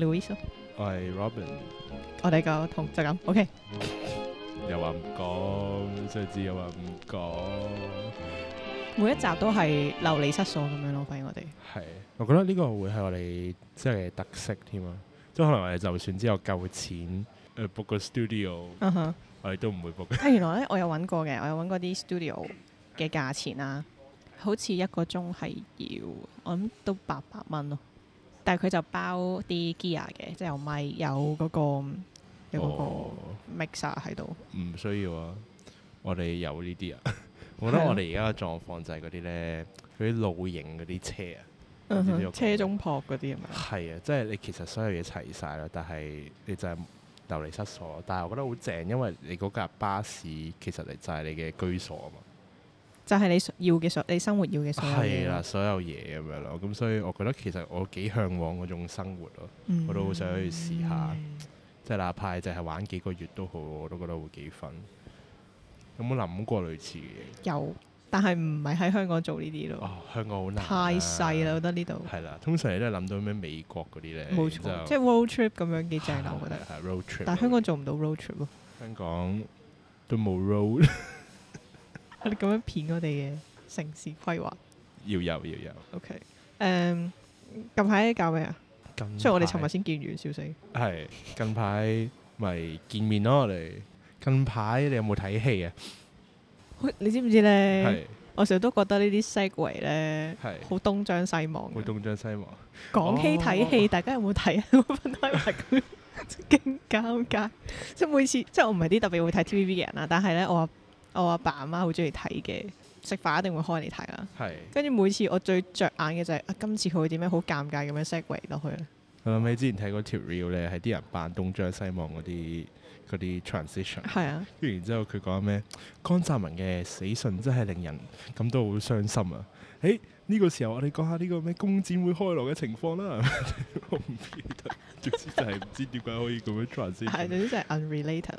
Lewis，我係 Robin，我哋個 team 就咁 OK。又話唔講，甚至又話唔講。每一集都係流離失所咁樣咯，反而我哋係，我覺得呢個會係我哋即係特色添啊！即係可能我哋就算之後夠錢，誒 book 個 studio，我哋都唔會 book。啊，原來咧我有揾過嘅，我有揾過啲 studio 嘅價錢啊，好似一個鐘係要，我諗都八百蚊咯。但係佢就包啲 gear 嘅，即係有麥、嗰個、有嗰個有嗰個 mixer 喺度。哦。唔需要啊，我哋有呢啲啊。 我覺得我哋而家嘅狀況就係嗰啲咧，嗰啲露營嗰啲車啊，嗯、哼車中泊嗰啲啊嘛。係啊，即係你其實所有嘢齊晒啦，但係你就係流離失所。但係我覺得好正，因為你嗰架巴士其實嚟就係你嘅居所啊嘛。就係你要嘅所，你生活要嘅所有嘢。係啦，所有嘢咁樣咯。咁所以，我覺得其實我幾向往嗰種生活咯。我都好想去試下，即係哪怕就係玩幾個月都好，我都覺得會幾 fun。有冇諗過類似嘅嘢？有，但係唔係喺香港做呢啲咯。哦，香港好難，太細啦，我覺得呢度。係啦，通常你都係諗到咩美國嗰啲咧，冇錯，即係 road trip 咁樣幾正我覺得。係 road trip，但係香港做唔到 road trip 咯。香港都冇 road。你咁樣騙我哋嘅城市規劃，要有要有。O K，誒，近排搞咩啊？近，所以我哋尋日先見完，笑死。係近排咪見面咯，我哋近排你有冇睇戲啊？ 你知唔知咧？是 我成日都覺得呢啲 segway 咧，係好東張西望。好東張西望。講起睇戲，大家有冇睇？冇分開埋佢，勁尷尬。即係每次，即係我唔係啲特別會睇 T V B 嘅人啊，但係咧我話。我阿爸阿媽好中意睇嘅，食飯一定會開嚟睇啦。跟住係每次我最着眼嘅就係、係啊，今次佢會點樣好尷尬咁樣 segue 落去啦。我諗起之前睇嗰條 reel 咧，係啲人扮東張西望嗰啲嗰啲 transition。係啊。跟住然之後佢講咩？江澤民嘅死訊真係令人感到好傷心啊！誒、欸。呢個時候我哋講下呢個咩公展會開鑼嘅情況啦，我唔記得，總之就係唔知點解可以咁樣 trans。係總之就係 unrelated。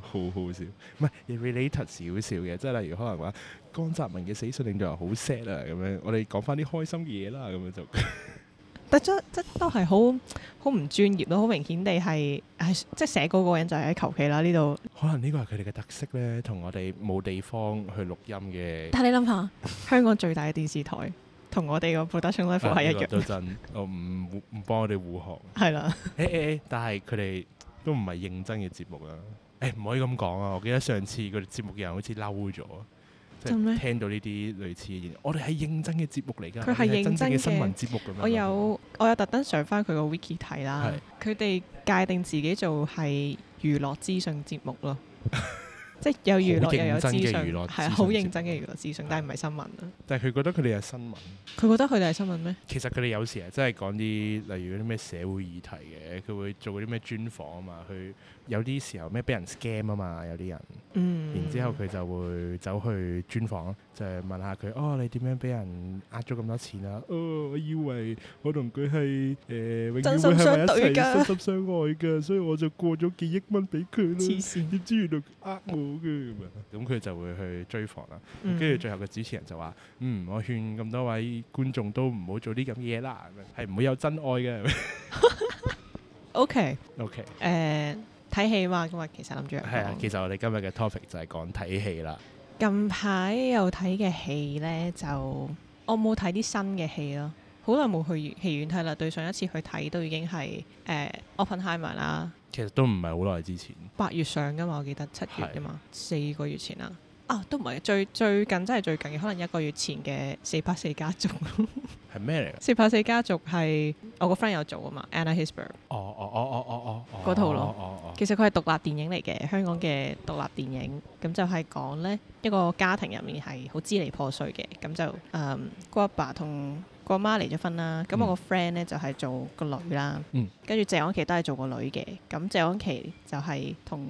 好好笑，唔係 related 少少嘅，即係例如可能話江澤民嘅死訊令到人好 sad 啊咁樣，我哋講翻啲開心嘅嘢啦咁樣就。即都係好好唔專業咯，好明顯地係係即寫稿嗰個人就係喺求其啦呢度。可能呢個係佢哋嘅特色咧，同我哋冇地方去錄音嘅。但你諗下，香港最大嘅電視台。同我哋個 production life 係、啊、一樣真。真， 我唔唔幫我哋護航。係是啦。誒誒誒，但係佢哋都唔係認真嘅節目啦。誒、欸、唔可以咁講啊！我記得上次佢哋節目嘅人好似嬲咗，即係嗎聽到呢啲類似，嘅嘢。我哋係認真嘅節目嚟㗎。佢係認真嘅新聞節目㗎嘛？我有我有特登上翻佢個 wiki 睇啦。佢哋是界定自己做係娛樂資訊節目咯。 即係有娛樂又有資訊，係啊，好認真嘅娛樂資訊，但係唔係新聞啊。但係佢覺得佢哋係新聞。佢覺得佢哋係新聞咩？其實佢哋有時係真係講啲例如嗰啲咩社會議題嘅，佢會做嗰啲咩專訪啊嘛，去。有啲時候咩俾人 scam 啊嘛，有啲人，然之後佢就會走去專訪，就係問下佢哦，你點樣俾人呃咗咁多錢啊？哦，我以為我同佢係誒永遠會喺埋一齊，真心相，心心相愛嘅，所以我就過咗幾億蚊俾佢咯。點知原來呃我嘅咁，佢就會去追訪啦。跟住最後嘅主持人就話：嗯，我勸咁多位觀眾都唔好做啲咁嘢啦，係唔會有真愛嘅。OK，OK，誒。睇戲嘛，咁啊，其實諗住係。啊，其實我哋今日嘅 topic 就係講睇戲啦。近排有睇嘅戲呢，就我冇睇啲新嘅戲咯，好耐冇去戲院睇啦。對上一次去睇都已經係誒呃，《Oppenheimer》啦。其實都唔係好耐之前。八月上噶嘛，我記得七月噶嘛，四是個月前啦。啊，都唔係最最近，真係最近嘅，可能一個月前嘅《四拍四家族》係咩嚟嘅？《四拍四家族》係我個 friend 有做啊嘛，《Anna Hesper 哦哦哦哦哦哦，嗰、哦、套、哦哦哦、咯。哦哦哦、其實佢係獨立電影嚟嘅，香港嘅獨立電影咁就係講呢一個家庭入面係好支離破碎嘅。咁就誒，個阿爸同個阿媽離咗婚啦。咁我個 friend 呢就係做個女啦，跟住謝安琪都係做個女嘅。咁謝安琪就係同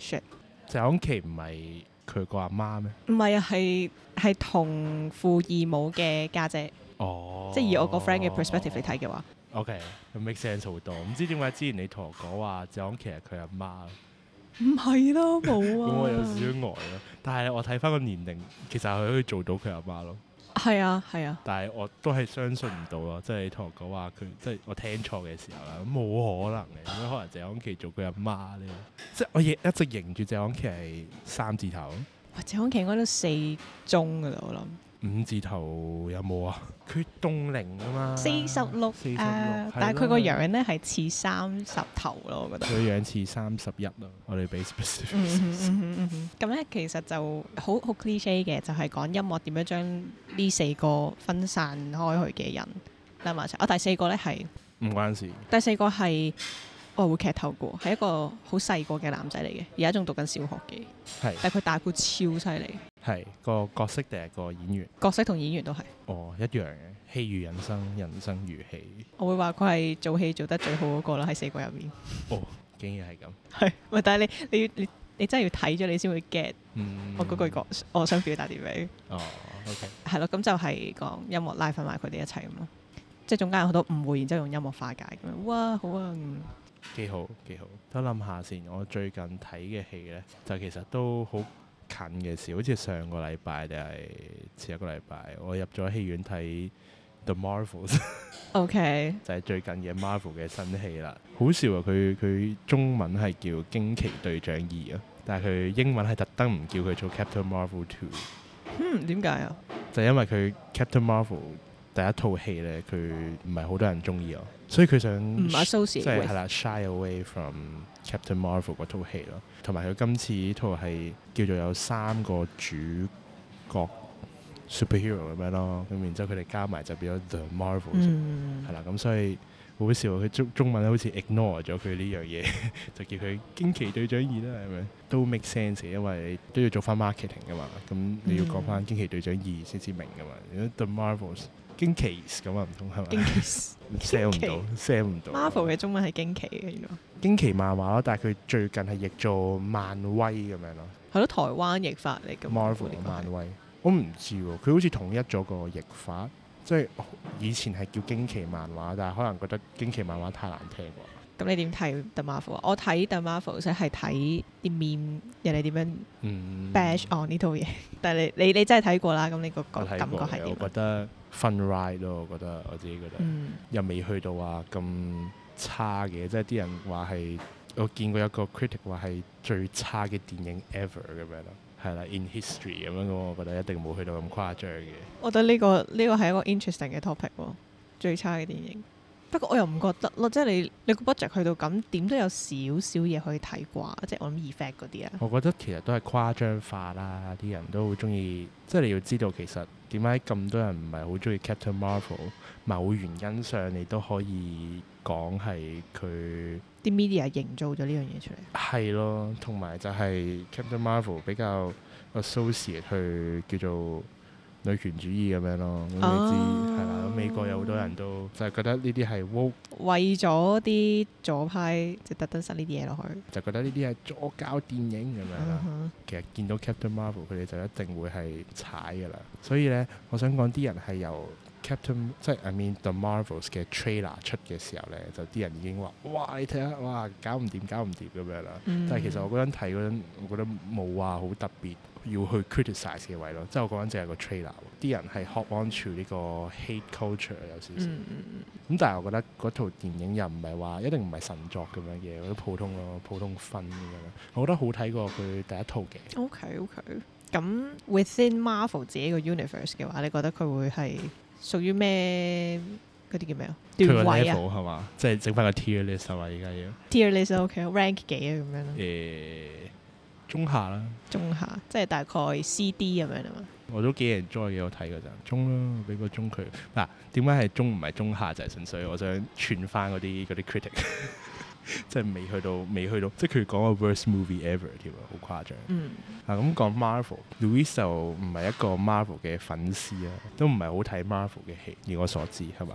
Shir 謝安琪唔係。佢個阿媽咩？唔係啊，係，係同父異母嘅家姐。哦，即係以我個 friend 嘅 perspective 嚟睇嘅，哦、話，OK，有 make sense 好多。唔知點解之前你同我講話就講其實佢阿媽唔係咯，冇啊。咁 我有少少呆咯。但係我睇翻個年齡，其實佢可以做到佢阿媽咯。係啊，係啊。但係我都係相信唔到咯，即係同我講話佢，即係我聽錯嘅時候啦。冇可能嘅，可能謝安琪做佢阿媽咧？即係我亦一直認住謝安琪係三字頭。謝安琪應該都四中㗎啦，我諗。五字頭有冇啊？佢凍齡啊嘛。四十六。四十六。但係佢個樣咧係似三十頭咯，我覺得。佢樣似三十一咯。我哋 be specific 嗯嗯嗯咁咧其實就好好 cliche 嘅，就係、是、講音樂點樣將。呢四個分散開去嘅人，諗埋一齊。第四個咧係唔關事。第四個係我會劇透過，係一個好細個嘅男仔嚟嘅，而家仲讀緊小學嘅。係是。但係佢打鼓超犀利。係個角色定係個演員？角色同演員都係。哦，一樣嘅，戲如人生，人生如戲。我會話佢係做戲做得最好嗰個啦，喺四個入面。哦，竟然係咁。係，喂，但係你你。你你你你你你你真係要睇咗你先會 get、嗯、我嗰句講，我想表達啲咩？哦，OK，係咯，咁就係講音樂拉返埋佢哋一齊咁咯，即係中間有好多誤會，然之後用音樂化解咁樣。哇，好啊，嗯、幾好幾好，我諗下先。我最近睇嘅戲呢，就其實都好近嘅事，好似上個禮拜定係前一個禮拜，我入咗戲院睇。The Marvels，OK，Okay. 就係最近嘅 Marvel 嘅新戲啦。好笑啊，佢佢中文係叫《驚奇隊長二》啊，但係佢英文係特登唔叫佢做 Captain Marvel Two。嗯，點解啊？就係因為佢 Captain Marvel 第一套戲呢，佢唔係好多人中意啊，所以佢想即係啦，shy away from Captain Marvel 嗰套戲咯。同埋佢今次呢套係叫做有三個主角。superhero 咁樣咯，咁然之後佢哋加埋就變咗 The Marvels，係啦、嗯，咁所以好笑佢中中文好似 ignore 咗佢呢樣嘢， 就叫佢驚奇隊長二啦，係咪？都 make sense，因為都要做翻 marketing 噶嘛，咁你要講翻驚奇隊長二先至明噶嘛。嗯、The Marvels 驚奇咁啊唔通係咪？賣唔到，賣唔到。 Marvel 嘅中文係驚奇啊原來。驚奇漫畫咯，但係佢最近係譯做漫威咁樣咯。係咯，台灣譯法嚟嘅。Marvel 定漫威。 Marvel 我唔知喎，佢好似統一咗個譯法，即係以前係叫驚奇漫畫，但係可能覺得驚奇漫畫太難聽啩。咁你點睇《The Marvels》？我睇《The Marvels》係睇啲面人哋點樣 bash、嗯、on 呢套嘢。 但係你你，你真係睇過啦，咁你個感覺係點？我覺得 fun ride 咯，我覺得我自己覺得、嗯、又未去到話咁差嘅，即係啲人話係我見過一個 critic 話係最差嘅電影 ever 咁樣咯。係啦，in history 咁樣咁，我覺得一定冇去到咁誇張嘅。我覺得呢個呢個係一個 interesting 嘅 topic 喎，最差嘅電影。不過我又唔覺得咯，即係你你個 budget 去到咁，點都有少少嘢可以睇啩，即係我諗 effect 嗰啲啊。我覺得其實都係誇張化啦，啲人都好中意。即係你要知道，其實點解咁多人唔係好中意 Captain Marvel？某原因上，你都可以講係佢。啲 media 營造咗呢樣嘢出嚟，係咯，同埋就係 Captain Marvel 比較 associate 去叫做女權主義咁樣咯，你知係啦、啊。美國有好多人都就係覺得呢啲係 woke, 為咗啲左派即係特登塞呢啲嘢落去，就覺得呢啲係左膠電影咁樣啦。Uh huh. 其實見到 Captain Marvel 佢哋就一定會係踩㗎啦。所以咧，我想講啲人係由。Captain 即係 I mean The Marvels 嘅 trailer 出嘅時候咧，就啲人已經話：哇！你睇下，哇！搞唔掂，搞唔掂咁樣啦。嗯、但係其實我嗰陣睇嗰陣，我覺得冇話好特別要去 criticize 嘅位咯。即係我嗰陣淨係個 trailer，啲人係 hop on to 呢個 hate culture 有少少咁。嗯、但係我覺得嗰套電影又唔係話一定唔係神作咁樣嘅，都普通咯，普通分咁樣。我覺得好睇過佢第一套嘅。OK OK，咁 Within Marvel 自己個 universe 嘅話，你覺得佢會係？屬於咩嗰啲叫咩啊？佢個 level 係嘛？即係整翻個 tier list 啊！而家要 tier list 啊？OK，rank 幾？啊？咁樣咯。誒，中下啦。中下，即係大概 C、D 咁樣啊嘛。我都幾 enjoy 嘅，我睇嗰陣中啦、啊，俾個中佢嗱。點解係中唔係中下？就係、是、純粹我想串翻嗰啲嗰啲 critic。 即係未去到，未去到，即係佢講個 worst movie ever 添、嗯、啊，好誇張。嗯，嗱咁講 Marvel，Louis 就唔係一個 Marvel 嘅粉絲啊，都唔係好睇 Marvel 嘅戲，以我所知係嘛？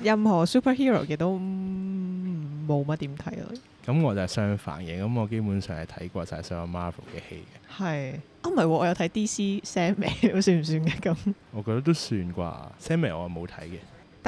任何 superhero 嘅都冇乜點睇咯。咁我就係相反嘅，咁我基本上係睇過晒所有 Marvel 嘅戲嘅。係啊，唔、哦、係我有睇 DC Sami 算唔算嘅咁？我覺得都算啩。Sammy 我冇睇嘅。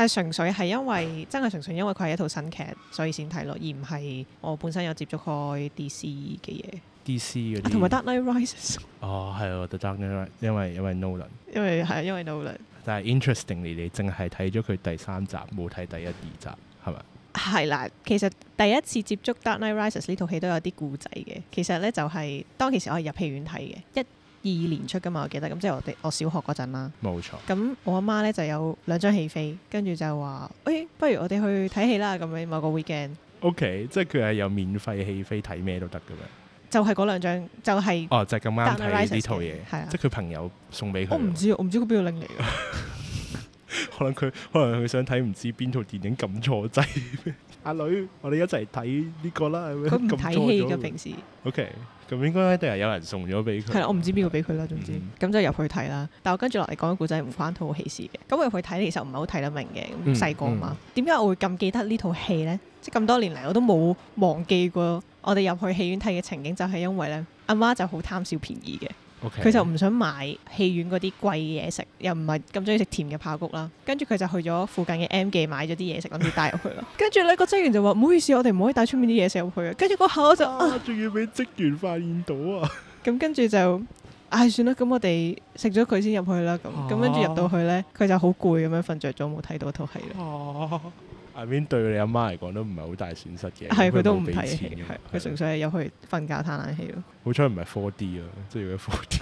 係純粹係因為真係純粹因為佢係一套新劇，所以先睇咯，而唔係我本身有接觸開 DC 嘅嘢。DC 嗰啲同埋 Dark Knight Rises。哦，係啊，我 h e 因為因為 Nolan。因為係因為 Nolan。但係 interestingly 你淨係睇咗佢第三集，冇睇第一二集，係咪？係啦，其實第一次接觸 Dark Knight Rises 呢套戲都有啲故仔嘅。其實咧就係當其時我係入戲院睇嘅一二二年出㗎嘛，我記得。咁即係我哋我小學嗰陣啦。冇錯。咁我阿媽呢就有兩張戲飛，跟住就話：誒、欸，不如我哋去睇戲啦咁樣，某個 weekend。O、okay, K，即係佢係有免費戲飛睇咩都得㗎嘛。就係嗰兩張，就係、是。哦，就係咁啱睇呢套嘢，即係佢朋友送畀佢。我唔知，我唔知佢邊度拎嚟嘅。 可能佢可能佢想睇唔知邊套電影，撳錯掣。阿女，我哋一齊睇呢個啦，係咪？佢唔睇戲㗎平時。OK，咁應該一定係有人送咗俾佢。係，我唔知邊個俾佢啦，總之咁、嗯、就入去睇啦。但我跟住落嚟講個故仔唔關套戲事嘅。咁入去睇其實唔係好睇得明嘅，細個啊嘛。點解、嗯嗯、我會咁記得呢套戲咧？即係咁多年嚟我都冇忘記過我哋入去戲院睇嘅情景，就係因為咧阿媽就好貪小便宜嘅。佢 Okay. 就唔想買戲院嗰啲貴嘢食，又唔係咁中意食甜嘅爆谷啦。跟住佢就去咗附近嘅 M 記買咗啲嘢食，諗住帶入去咯。 跟住呢、個職員就話：唔好意思，我哋唔可以帶出面啲嘢食入去嘅。跟住嗰下我就啊，仲要俾職員發現到啊！咁、啊啊、跟住就唉、啊，算啦，咁我哋食咗佢先入去啦。咁咁、啊、跟住入到去呢，佢就好攰咁樣瞓着咗，冇睇到套戲啦。啊入面對你阿媽嚟講都唔係好大損失嘅，係佢都唔俾錢，係佢的的純粹係有去瞓覺嘆冷氣咯。好彩唔係 4D 啊，即係如果 4D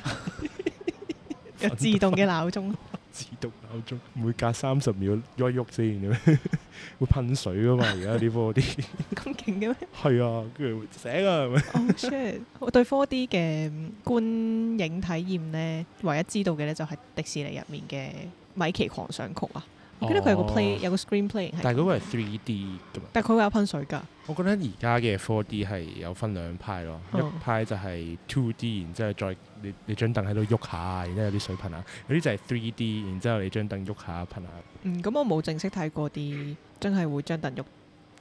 有自動嘅鬧鐘， 自動鬧鐘每隔三十秒喐一喐先嘅咩？ 會噴水噶嘛？而家啲 4D 咁勁嘅咩？係啊，跟住醒㗎係咪？Oh shit！ 我對 4D 嘅觀影體驗咧，唯一知道嘅咧就係迪士尼入面嘅米奇狂想曲啊！我記得佢有個 play，、哦、有個 screenplay。但係嗰個係 three D 㗎嘛？但係佢會有噴水㗎。我覺得而家嘅 four D 係有分兩派咯，嗯、一派就係 two D，然之後再你你張凳喺度喐下，然之後有啲水噴下。有啲就係 three D，然之後你張凳喐下噴下，嗯。嗯，咁我冇正式睇過啲真係會張凳喐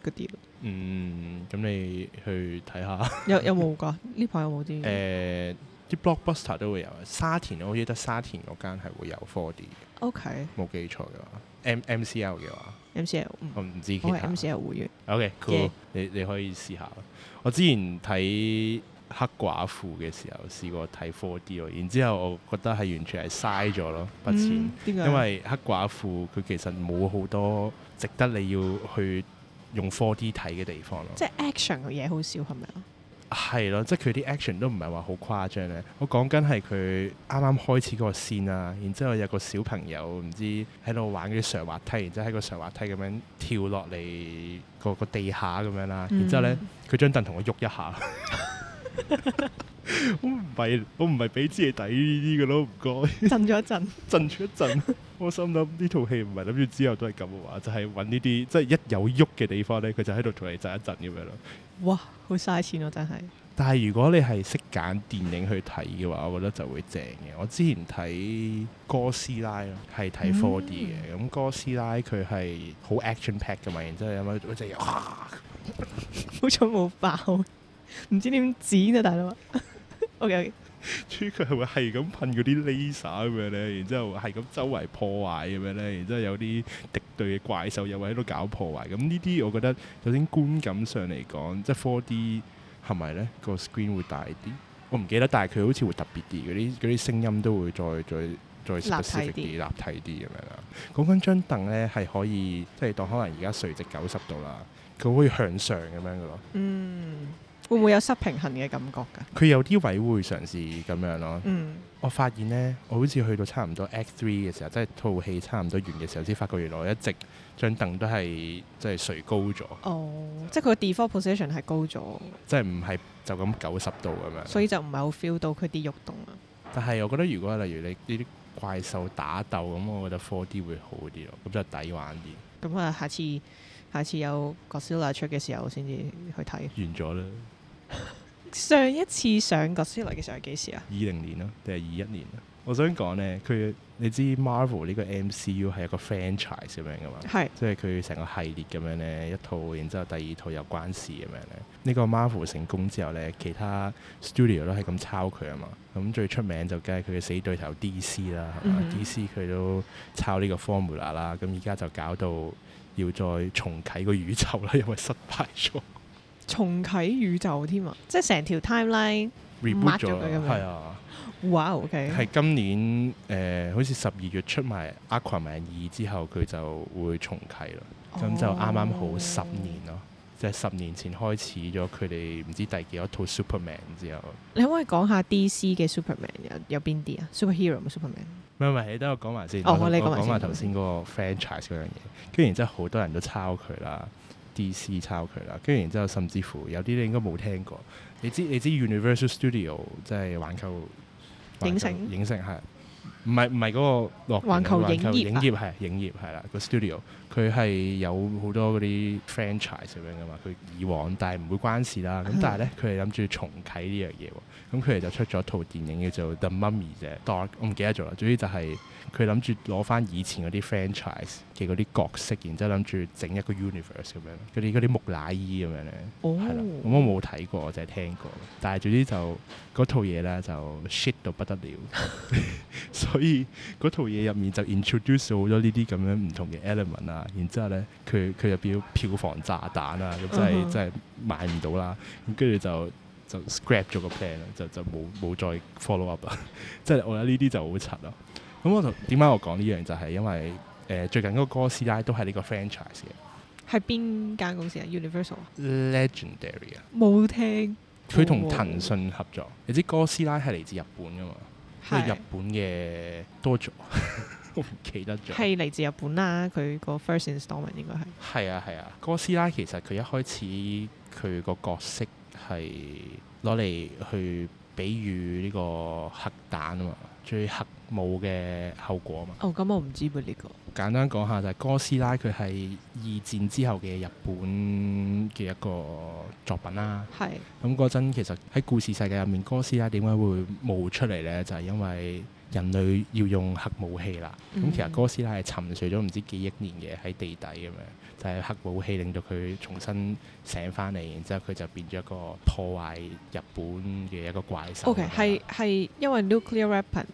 嗰啲。嗯，咁你去睇下。 有有冇㗎？呢排有冇啲、呃？誒，啲 blockbuster 都會有沙田，我記得沙田嗰間係會有 four D 嘅。OK。冇記錯嘅話。M MCL 嘅話，MCL、嗯、我唔知其他 MCL 會員。OK cool，你你可以試下。我之前睇黑寡婦嘅時候試過睇 four d 喎，然之後我覺得係完全係嘥咗咯筆錢，嗯、為因為黑寡婦佢其實冇好多值得你要去用 four d 睇嘅地方咯。即係 action 嘅嘢好少係咪啊？是係咯，即係佢啲 action 都唔係話好誇張咧。我講緊係佢啱啱開始嗰個線啊，然之後有個小朋友唔知喺度玩嗰啲上滑梯，然之後喺個上滑梯咁樣跳落嚟個個地下咁樣啦。然之後咧，佢張凳同我喐一下，嗯、 我唔係我唔係俾自己抵呢啲嘅咯，唔該。 震咗一陣， 震出一陣。我心諗呢套戲唔係諗住之後都係咁嘅話，就係揾呢啲，即係一有喐嘅地方咧，佢就喺度同你震一震咁樣咯。哇，好嘥錢喎，啊！真係。但係如果你係識揀電影去睇嘅話，我覺得就會正嘅。我之前睇哥斯拉咯，係睇 4D 嘅。咁哥斯拉佢係好 action pack 㗎嘛，然之後有乜嗰陣好彩冇爆，唔知點剪啊大佬 OK, okay。主要佢係會係咁噴嗰啲 laser 咁樣咧，然之後係咁周圍破壞咁樣咧，然之後有啲敵對嘅怪獸又會喺度搞破壞。咁呢啲我覺得，首先觀感上嚟講，即係 4D 係咪咧？個 screen 會大啲，我唔記得，但係佢好似會特別啲，嗰啲嗰啲聲音都會再再再立啲，立體啲咁樣啦。講緊張凳咧，係可以即係當可能而家垂直九十度啦，佢會向上咁樣噶咯。嗯。會唔會有失平衡嘅感覺㗎？佢有啲位會嘗試咁樣咯。嗯，我發現呢，我好似去到差唔多 Act Three 嘅時候，即係套戲差唔多完嘅時候，先發覺原來一直張凳都係即係垂高咗。哦，即係佢個 default position 係高咗，即係唔係就咁九十度咁樣。所以就唔係好 feel 到佢啲喐動啊。但係我覺得，如果例如你呢啲怪獸打鬥咁，我覺得 Four D 會好啲咯，咁就抵玩啲。咁啊、嗯，下次下次有 Godzilla 出嘅時候，先至去睇。完咗啦。上一次上公式嚟嘅時候係幾時啊？二零年咯，定係二一年？我想講呢，佢你知 Marvel 呢個 MCU 係一個 franchise 咁樣噶嘛？是即係佢成個系列咁樣呢，一套，然之後第二套有關事咁樣呢。呢個 Marvel 成功之後呢，其他 studio 都係咁抄佢啊嘛。咁最出名就梗係佢嘅死對頭 DC 啦，係嘛？DC 佢都抄呢個 formula 啦。咁而家就搞到要再重啟個宇宙啦，因為失敗咗。重啟宇宙添啊！即係成條 timeline reboot 咗佢咁樣。係啊，哇、wow, OK。係今年誒、呃，好似十二月出埋 Aquaman 二之後，佢就會重啟啦。咁、oh, 就啱啱好十年咯，oh, 即係十年前開始咗佢哋唔知第幾多套 Superman 之後。你可唔可以講下 DC 嘅 Super Super Superman 有有邊啲啊？Superhero 唔 Superman？唔係唔係，你等我講埋先。我講埋頭先嗰個 franchise 嗰樣嘢，跟住然之後好多人都抄佢啦。D.C. 抄佢啦，跟住然之後，甚至乎有啲你應該冇聽過。你知你知 Universal Studio 即係環球,環球影城，影城係唔係唔係嗰個環球影業係影業係啦個 studio，佢係有好多嗰啲 franchise 咁樣噶嘛。佢以往但係唔會關事啦。咁但係咧，佢係諗住重啟呢樣嘢喎。咁佢哋就出咗套電影叫做 The Mummy 嘅 dog，我唔記得咗啦。總之就係、是。佢諗住攞翻以前嗰啲 franchise 嘅嗰啲角色，然之後諗住整一個 universe 咁樣，佢哋嗰啲木乃伊咁樣咧，係啦、oh.，我冇睇過，我就係聽過。但係總之就嗰套嘢咧就 shit 到不得了， 所以嗰套嘢入面就 introduce 好多呢啲咁樣唔同嘅 element 啊。然之後咧，佢佢入邊票房炸彈啊，咁、就是 uh huh. 真係真係賣唔到啦。咁跟住就就 scrap 咗個 plan 啦，就 就冇冇再 follow up 啦。即係我覺得呢啲就好柒咯。咁我同點解我講呢樣就係因為誒最近嗰個哥斯拉都係呢個 franchise 嘅，係邊間公司啊？Universal？Legendary 啊？冇聽佢同騰訊合作，你知哥斯拉係嚟自日本噶嘛？係是日本嘅，多咗我唔記得咗，係嚟自日本啦。佢個 first installment 應該係，係啊係啊。哥斯拉其實佢一開始佢個角色係攞嚟去比喻呢個核彈啊嘛，最核。冇嘅後果嘛？哦，咁我唔知噉呢、呢個簡單講下就係、係、哥斯拉佢係二戰之後嘅日本嘅一個作品啦。係咁嗰陣其實喺故事世界入面，哥斯拉點解會冒出嚟呢？就係、係、因為人類要用核武器啦。咁、嗯、其實哥斯拉係沉睡咗唔知幾億年嘅喺地底咁樣，就係、係、核武器令到佢重新醒翻嚟，然之後佢就變咗一個破壞日本嘅一個怪獸。O K. 係係因為 nuclear weapon。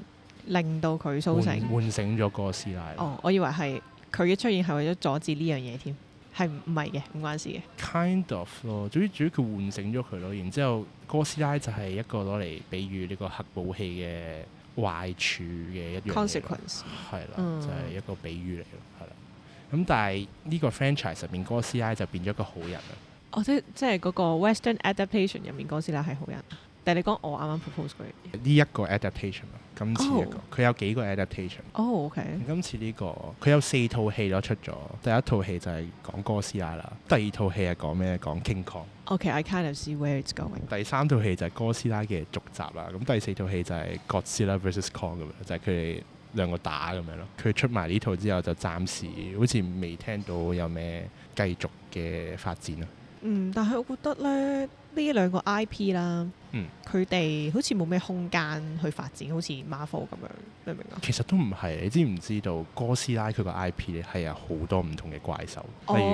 令到佢甦醒，喚醒咗哥斯拉。哦，我以為係佢嘅出現係為咗阻止呢樣嘢添，係唔係嘅？唔關事嘅。Kind of 咯，總之，主要佢喚醒咗佢咯，然之後哥斯拉就係一個攞嚟比喻呢個核武器嘅壞處嘅一樣嘢。Consequence 係啦，就係、是、一個比喻嚟嘅。係啦。咁、嗯、但係呢個 franchise 入面，哥斯拉就變咗一個好人啦。哦，即即係嗰個 Western adaptation 入面，哥斯拉係好人。但係你講我啱啱 propose 嗰呢一個 adaptation 啊，今次一個佢、oh. 有幾個 adaptation？哦、oh，OK。今次呢、呢個佢有四套戲都出咗，第一套戲就係講哥斯拉啦，第二套戲係講咩？講 King Kong。OK，I、okay, kind of see where it's going。第三套戲就係哥斯拉嘅續集啦，咁第四套戲就係 Godzilla versus Kong 咁樣，就係佢哋兩個打咁樣咯。佢出埋呢套之後，就暫時好似未聽到有咩繼續嘅發展咯。嗯，但係我覺得咧呢兩個 IP 啦。佢哋好似冇咩空間去發展，好似 Marvel 咁樣，你明唔明啊？其實都唔係，你知唔知道哥斯拉佢個 IP 咧係有好多唔同嘅怪獸，哦、例如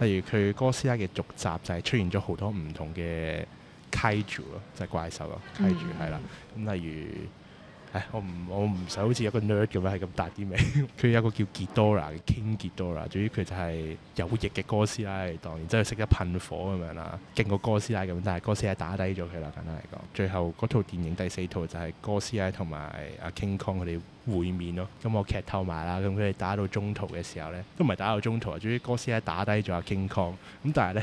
佢，例如佢哥斯拉嘅續集就係出現咗好多唔同嘅 Kaiju 咯，就係怪獸咯，Kaiju 係啦，咁、嗯、例如。我唔我唔使好似一個 nerd 咁樣，係咁大啲名。佢 有個叫傑多拉嘅 King 傑多拉，總之佢就係有翼嘅哥斯拉嚟，當然即係識得噴火咁樣啦，勁過哥斯拉咁，但係哥斯拉打低咗佢啦，簡單嚟講。最後嗰套電影第四套就係哥斯拉同埋阿 King Kong 佢哋會面咯。咁、嗯、我劇透埋啦，咁佢哋打到中途嘅時候咧，都唔係打到中途，總之哥斯拉打低咗阿 King Kong。咁但係咧。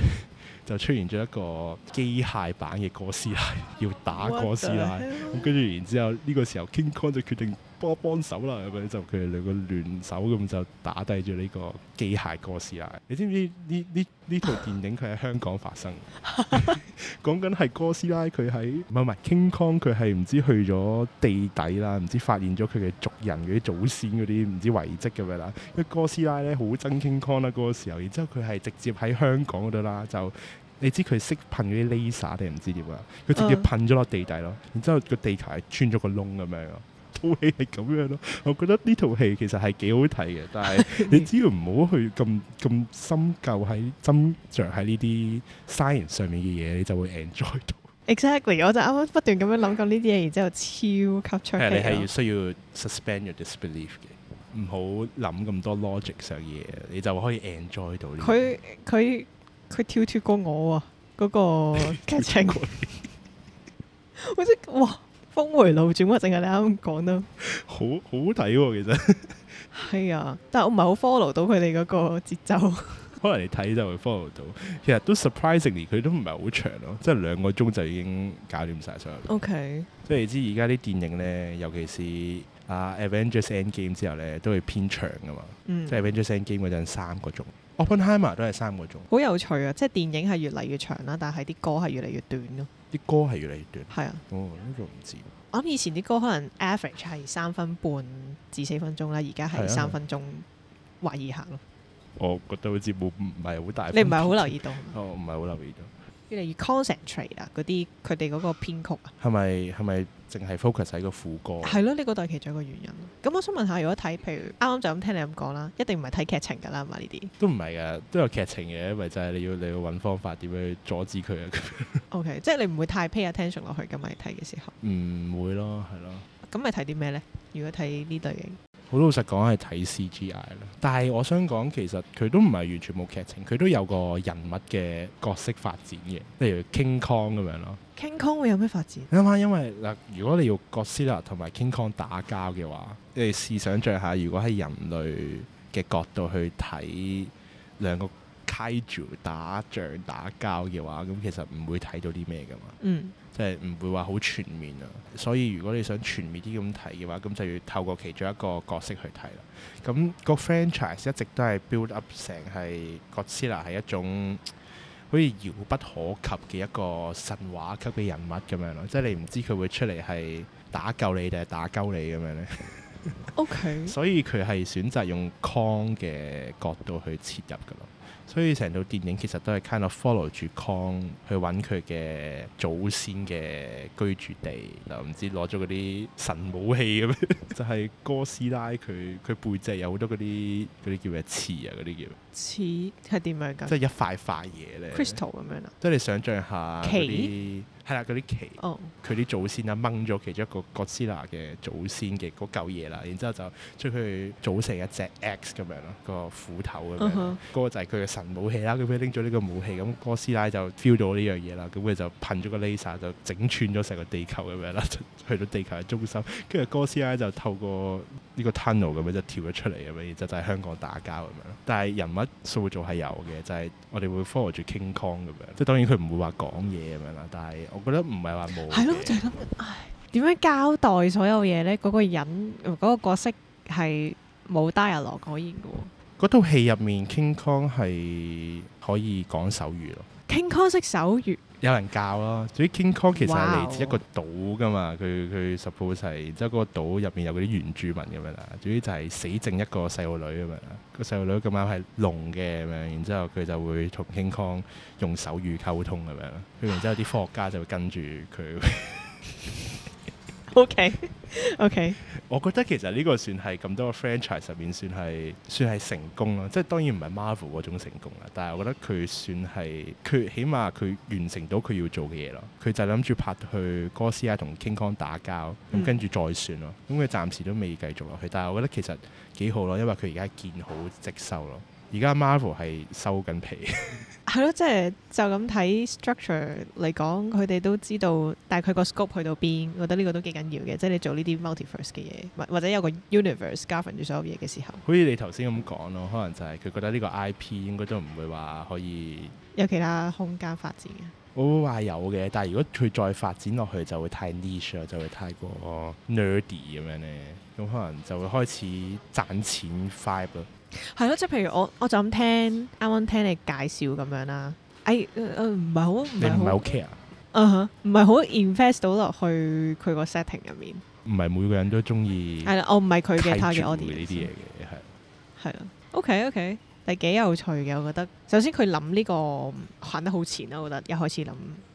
就出現咗一個機械版嘅哥斯拉，要打哥斯拉。咁跟住然之後呢個時候 King Kong 就決定幫幫手啦，咁樣就佢哋兩個聯手咁就打低咗呢個機械哥斯拉。你知唔知呢？呢呢套電影佢喺香港發生，講緊係哥斯拉佢喺唔係唔係 King Kong 佢係唔知去咗地底啦，唔知發現咗佢嘅族人嗰啲祖先嗰啲唔知遺跡咁樣啦。因為哥斯拉咧好憎 King Kong 啊，嗰個時候，然之後佢係直接喺香港嗰度啦。就你知佢識噴嗰啲 laser 定唔知點啊？佢直接噴咗落地底咯。Uh. 然之後個地球係穿咗個窿咁樣。套戲係咁樣咯，我覺得呢套戲其實係幾好睇嘅，但係你只要唔好去咁咁深究喺斟酌喺呢啲 science 上面嘅嘢，你就會 enjoy 到。Exactly，我就啱啱不斷咁樣諗緊呢啲嘢，然之後超吸出。係，你係要需要 suspend your disbelief 嘅，唔好諗咁多 logic 上嘢，你就可以 enjoy 到。佢佢佢跳脱過我啊！嗰個劇情，我真哇～峰回路轉，我淨係你啱講咯，好好睇喎，其實係啊、 哎，但係我唔係好 follow 到佢哋嗰個節奏。 可能你睇就 follow 到，其實都 surprisingly 佢都唔係好長咯，即係兩個鐘就已經搞掂晒所有。OK，即係你知而家啲電影呢，尤其是啊 Avengers End Game 之後呢，都會偏長噶嘛。嗯、即係 Avengers End Game 嗰陣三個鐘，Oppenheimer 都係三個鐘。好有趣啊！即係電影係越嚟越長啦，但係啲歌係越嚟越短咯。啲歌係越嚟越短，係啊，我諗就唔知。我諗以前啲歌可能 average 係三分半至四分鐘啦，而家係三分鐘，分鐘懷疑下咯。啊啊、我覺得好似冇唔係好大，你唔係好留意到， 哦，唔係好留意到。越嚟越 concentrate 啊，嗰啲佢哋嗰個編曲啊，係咪係咪淨係 focus 喺個副歌？係咯，呢個都係其中一個原因。咁我想問下，如果睇譬如啱啱就咁聽你咁講啦，一定唔係睇劇情㗎啦嘛？呢啲都唔係㗎，都有劇情嘅，咪就係你要你要搵方法點樣去阻止佢啊？OK，即係你唔會太 pay attention 落去㗎，咪睇嘅時候唔會咯，係咯。咁咪睇啲咩咧？如果睇呢類型。好老實講係睇 C G I，但係我想講其實佢都唔係完全冇劇情，佢都有個人物嘅角色發展嘅，例如 King Kong 咁樣咯。King Kong 會有咩發展？你諗下，因為嗱，如果你用 Godzilla 同埋 King Kong 打交嘅話，你試想像下，如果喺人類嘅角度去睇兩個 Kaiju 打仗打交嘅話，咁其實唔會睇到啲咩噶嘛。嗯。即係唔會話好全面啊，所以如果你想全面啲咁睇嘅話，咁就要透過其中一個角色去睇啦。咁個 franchise 一直都係 build up 成係哥斯拉係一種好似遙不可及嘅一個神話級嘅人物咁樣咯，即係你唔知佢會出嚟係打救你定係打鳩你咁樣呢 OK，所以佢係選擇用 Kong 嘅角度去切入嘅咯。所以成套電影其實都係 kind of follow 住 Kong 去揾佢嘅祖先嘅居住地，就唔知攞咗嗰啲神武器咁樣， 就係哥斯拉佢佢背脊有好多嗰啲嗰啲叫咩刺啊嗰啲叫。似係點樣㗎？即係一塊塊嘢咧，crystal 咁樣啦。即係你想象下嗰啲啦，啲鉤奇。佢啲、oh. 祖先啊，掹咗其中一個哥斯拉嘅祖先嘅嗰嚿嘢啦，然之後就將佢組成一隻 axe 咁樣咯，個斧頭咁樣。嗯嗰、uh huh. 個就係佢嘅神武器啦。咁佢拎咗呢個武器，咁哥斯拉就 feel 到呢樣嘢啦。咁佢就噴咗個 laser，就整穿咗成個地球咁樣啦，去到地球嘅中心。跟住哥斯拉就透過。呢個 tunnel 咁樣即係跳咗出嚟咁樣，就就是、喺香港打交咁樣。但係人物塑造係有嘅，就係、是、我哋會 follow 住 King Kong 咁樣。即係當然佢唔會說說話講嘢咁樣啦。但係我覺得唔係話冇。係咯，就係、是、咁。唉，點樣交代所有嘢呢？嗰、那個人同嗰、那個角色係冇 dialogue 可言嘅喎。嗰套戲入面，King Kong 係可以講手語咯。King Kong 識手語，有人教咯。至於 King Kong 其實係嚟自一個島㗎嘛，佢佢 suppose 係，然之後嗰個島入邊有嗰啲原住民咁樣啦。至於就係死剩一個細路女咁樣啦，個細路女咁啱係聾嘅咁樣，然之後佢就會同 King Kong 用手語溝通咁樣。佢然之後啲科學家就會跟住佢。 O K，O K，我覺得其實呢個算係咁多個 franchise 入面算係算係成功咯，即係當然唔係 Marvel 嗰種成功啦，但係我覺得佢算係佢起碼佢完成到佢要做嘅嘢咯，佢就諗住拍去哥斯拉同 King Kong 打交，咁跟住再算咯，咁佢、嗯、暫時都未繼續落去，但係我覺得其實幾好咯，因為佢而家見好即收咯，而家 Marvel 係收緊皮。 係咯，即係就咁睇 structure 嚟講，佢哋都知道大概個 scope 去到邊，我覺得呢個都幾緊要嘅。即係你做呢啲 multiverse 嘅嘢，或或者有個 universe govern 住所有嘢嘅時候，好似你頭先咁講咯，可能就係佢覺得呢個 IP 應該都唔會話可以有其他空間發展嘅。我會話有嘅，但係如果佢再發展落去就會太 niche，就會太過、哦、nerdy 咁樣呢。咁可能就會開始賺錢快啦。係咯，即係譬如我，我就咁聽，啱啱聽你介紹咁樣啦。誒、哎，唔係好，呃、你唔係好 care。嗯哼，唔係好 invest 到落去佢個 setting 入面。唔係每個人都中意。係啦，我唔係佢嘅 target audience。呢啲嘢嘅係係啦，OK OK，係幾有趣嘅，我覺得。首先佢諗呢個諗得好前啦，我覺得一開始諗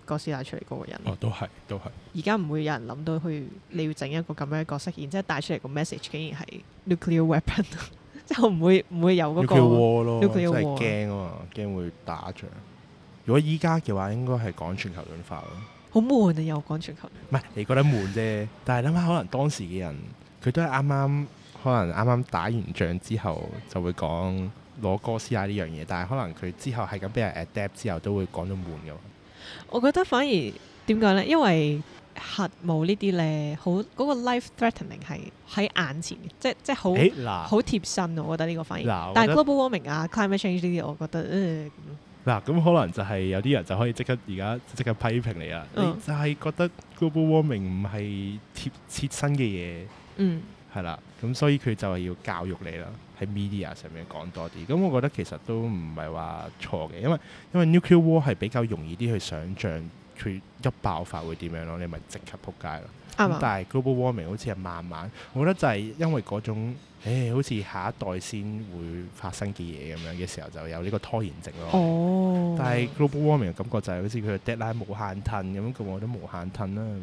個師帶出嚟嗰個人。哦，都係都係。而家唔會有人諗到去，你要整一個咁樣嘅角色，然之後帶出嚟個 message 竟然係 nuclear weapon。 就唔會唔會有嗰個，即係驚啊嘛，驚會打仗。如果依家嘅話，應該係講全球暖化咯。好悶啊，又講全球暖化，唔係你覺得悶啫。 但係諗下可能當時嘅人，佢都係啱啱，可能啱啱打完仗之後就會講攞哥斯拉呢樣嘢。但係可能佢之後係咁俾人 adapt 之後，都會講到悶噶。我覺得反而點講呢？因為。核武呢啲咧，好嗰、嗰個 life-threatening 係喺眼前嘅，即即好好唉貼身。我覺得呢個反應，但係 global warming 啊，climate change 呢啲，我覺得誒。嗱咁、啊呃、可能就係有啲人就可以即刻而家即刻批評你啦。嗯、你就係覺得 global warming 唔係貼切身嘅嘢，嗯，係啦。咁所以佢就係要教育你啦，喺 media 上面講多啲。咁我覺得其實都唔係話錯嘅，因為因為 nuclear war 係比較容易啲去想像，佢一爆發會點樣咯？你咪即刻撲街咯！咁但係 global warming 好似係慢慢，我覺得就係因為嗰種，欸、好似下一代先會發生嘅嘢咁樣嘅時候，就有呢個拖延症咯。哦。但係 global warming 嘅感覺就係、是、好似佢嘅 deadline 無限褪咁，佢我都無限褪啦咁樣。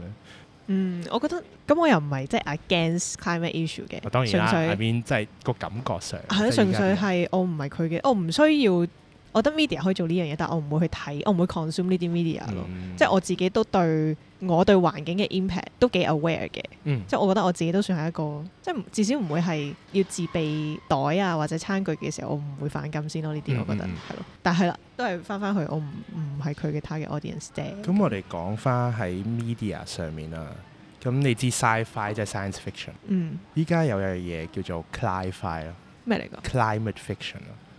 嗯，我覺得咁我又唔係即係、就是、against climate issue 嘅。我當然啦，下邊即係個感覺上係咯，對純粹係我唔係佢嘅，我唔需要。我覺得 media 可以做呢樣嘢，但我唔會去睇，我唔會 consume 呢啲 media 咯。嗯、即係我自己都對我對環境嘅 impact 都幾 aware 嘅。嗯、即係我覺得我自己都算係一個，即係至少唔會係要自備袋啊或者餐具嘅時候，我唔會反感先咯。呢啲我覺得係咯。嗯嗯、但係啦，都係翻翻去，我唔唔係佢嘅 target audience 嘅。咁、嗯、我哋講翻喺 media 上面啦。咁你知 sci-fi 即係 science fiction。嗯。依家有一樣嘢叫做 cli-fi 咯。咩嚟㗎？Climate fiction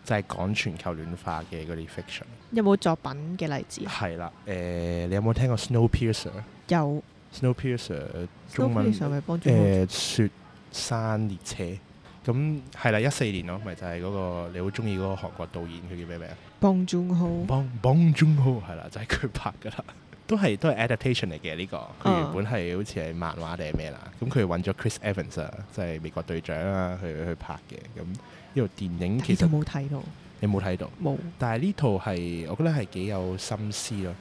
就係講全球暖化嘅嗰啲 fiction，有冇作品嘅例子？係啦，誒、呃，你有冇聽過 Snowpiercer？有。Snowpiercer Snow pier 中文誒、呃、雪山列車，咁係啦，一四年咯，咪就係、是、嗰、那個你好中意嗰個韓國導演，佢叫咩名？奉俊昊。奉奉俊昊係啦，就係、是、佢拍㗎啦， 都係都係 adaptation 嚟嘅呢個。佢原本係、嗯、好似係漫畫定係咩啦？咁佢揾咗 Chris Evans 啊，即係美國隊長啊，去去拍嘅咁。呢套電影其實冇睇到，你冇睇到，冇。但係呢套係我覺得係幾有心思咯，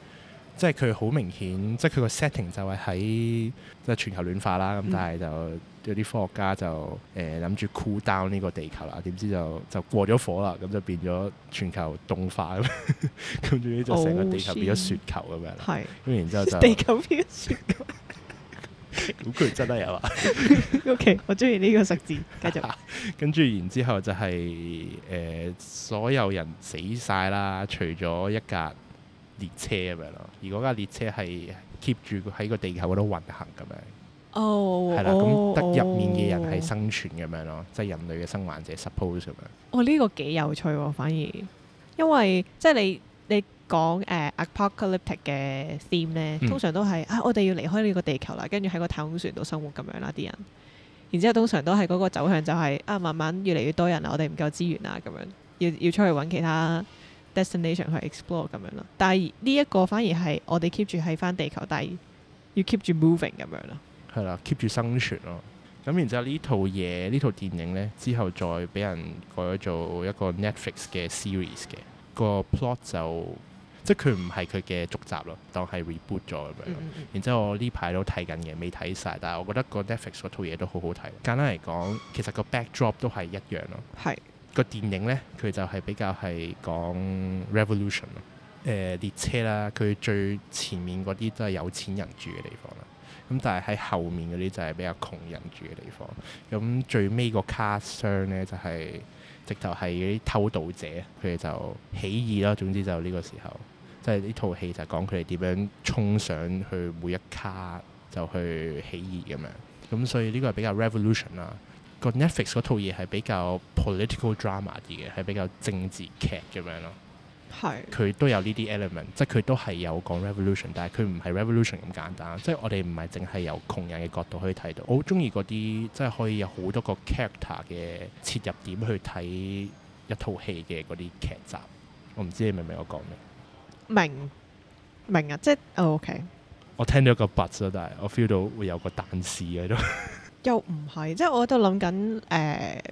即係佢好明顯，即係佢個 setting 就係喺即係全球暖化啦。咁但係就有啲科學家就誒諗住 cool down 呢個地球啦，點知就就過咗火啦，咁、嗯、就變咗全球凍化咁，跟住呢就成個地球變咗雪球咁、哦、樣啦。係是，咁然之後就地球變咗雪球。 咁佢 真係啊，有 話，OK，我中意呢個食字，繼續。跟住 然之後，後就係、是、誒、呃，所有人死晒啦，除咗一架列車咁樣咯，而嗰架列車係 keep 住喺個地球嗰度運行咁樣。哦，係啦，咁得入面嘅人係生存咁樣咯，即係、oh, oh. 人類嘅生還者，suppose 咁樣。哦，呢個幾有趣喎，反而，因為即係、就是、你。講誒、呃、apocalyptic 嘅 theme 咧，通常都係啊，我哋要離開呢個地球啦，跟住喺個太空船度生活咁樣啦，啲人。然之後通常都係嗰個走向就係、是、啊，慢慢越嚟越多人啦，我哋唔夠資源啊，咁樣要要出去揾其他 destination 去 explore 咁樣咯。但係呢一個反而係我哋 keep 住喺返地球，但係要 keep 住 moving 咁樣咯。係啦，keep 住生存咯。咁然之後呢套嘢呢套電影呢，之後再俾人改咗做一個 Netflix 嘅 series 嘅、那個 plot 就。即係佢唔係佢嘅續集咯，當係 reboot 咗咁樣。嗯嗯，然之後我呢排都睇緊嘅，未睇晒。但係我覺得個 Netflix 嗰套嘢都好好睇。簡單嚟講，其實個 backdrop 都係一樣咯。係個是電影呢，佢就係比較係講 revolution 咯、呃。列車啦，佢最前面嗰啲都係有錢人住嘅地方啦。咁但係喺後面嗰啲就係比較窮人住嘅地方。咁、嗯、最尾個卡廂呢，就係、是、直頭係嗰啲偷渡者，佢哋就起義咯。總之就呢個時候。即係呢套戲就係講佢哋點樣衝上去每一卡就去起義咁樣，咁所以呢個係比較 revolution 啦。個 Netflix 嗰套嘢係比較 political drama 啲嘅，係比較政治劇咁樣咯。係是，佢都有呢啲 element，即係佢都係有講 revolution，但係佢唔係 revolution 咁簡單。即係我哋唔係淨係由窮人嘅角度可以睇到。我好中意嗰啲即係可以有好多個 character 嘅切入點去睇一套戲嘅嗰啲劇集。我唔知你明唔明我講咩？明明啊，即係、oh, OK。我聽到個 but 啦，但係我 feel 到會有個但是喺度。又唔係，即係我喺度諗緊誒，呃、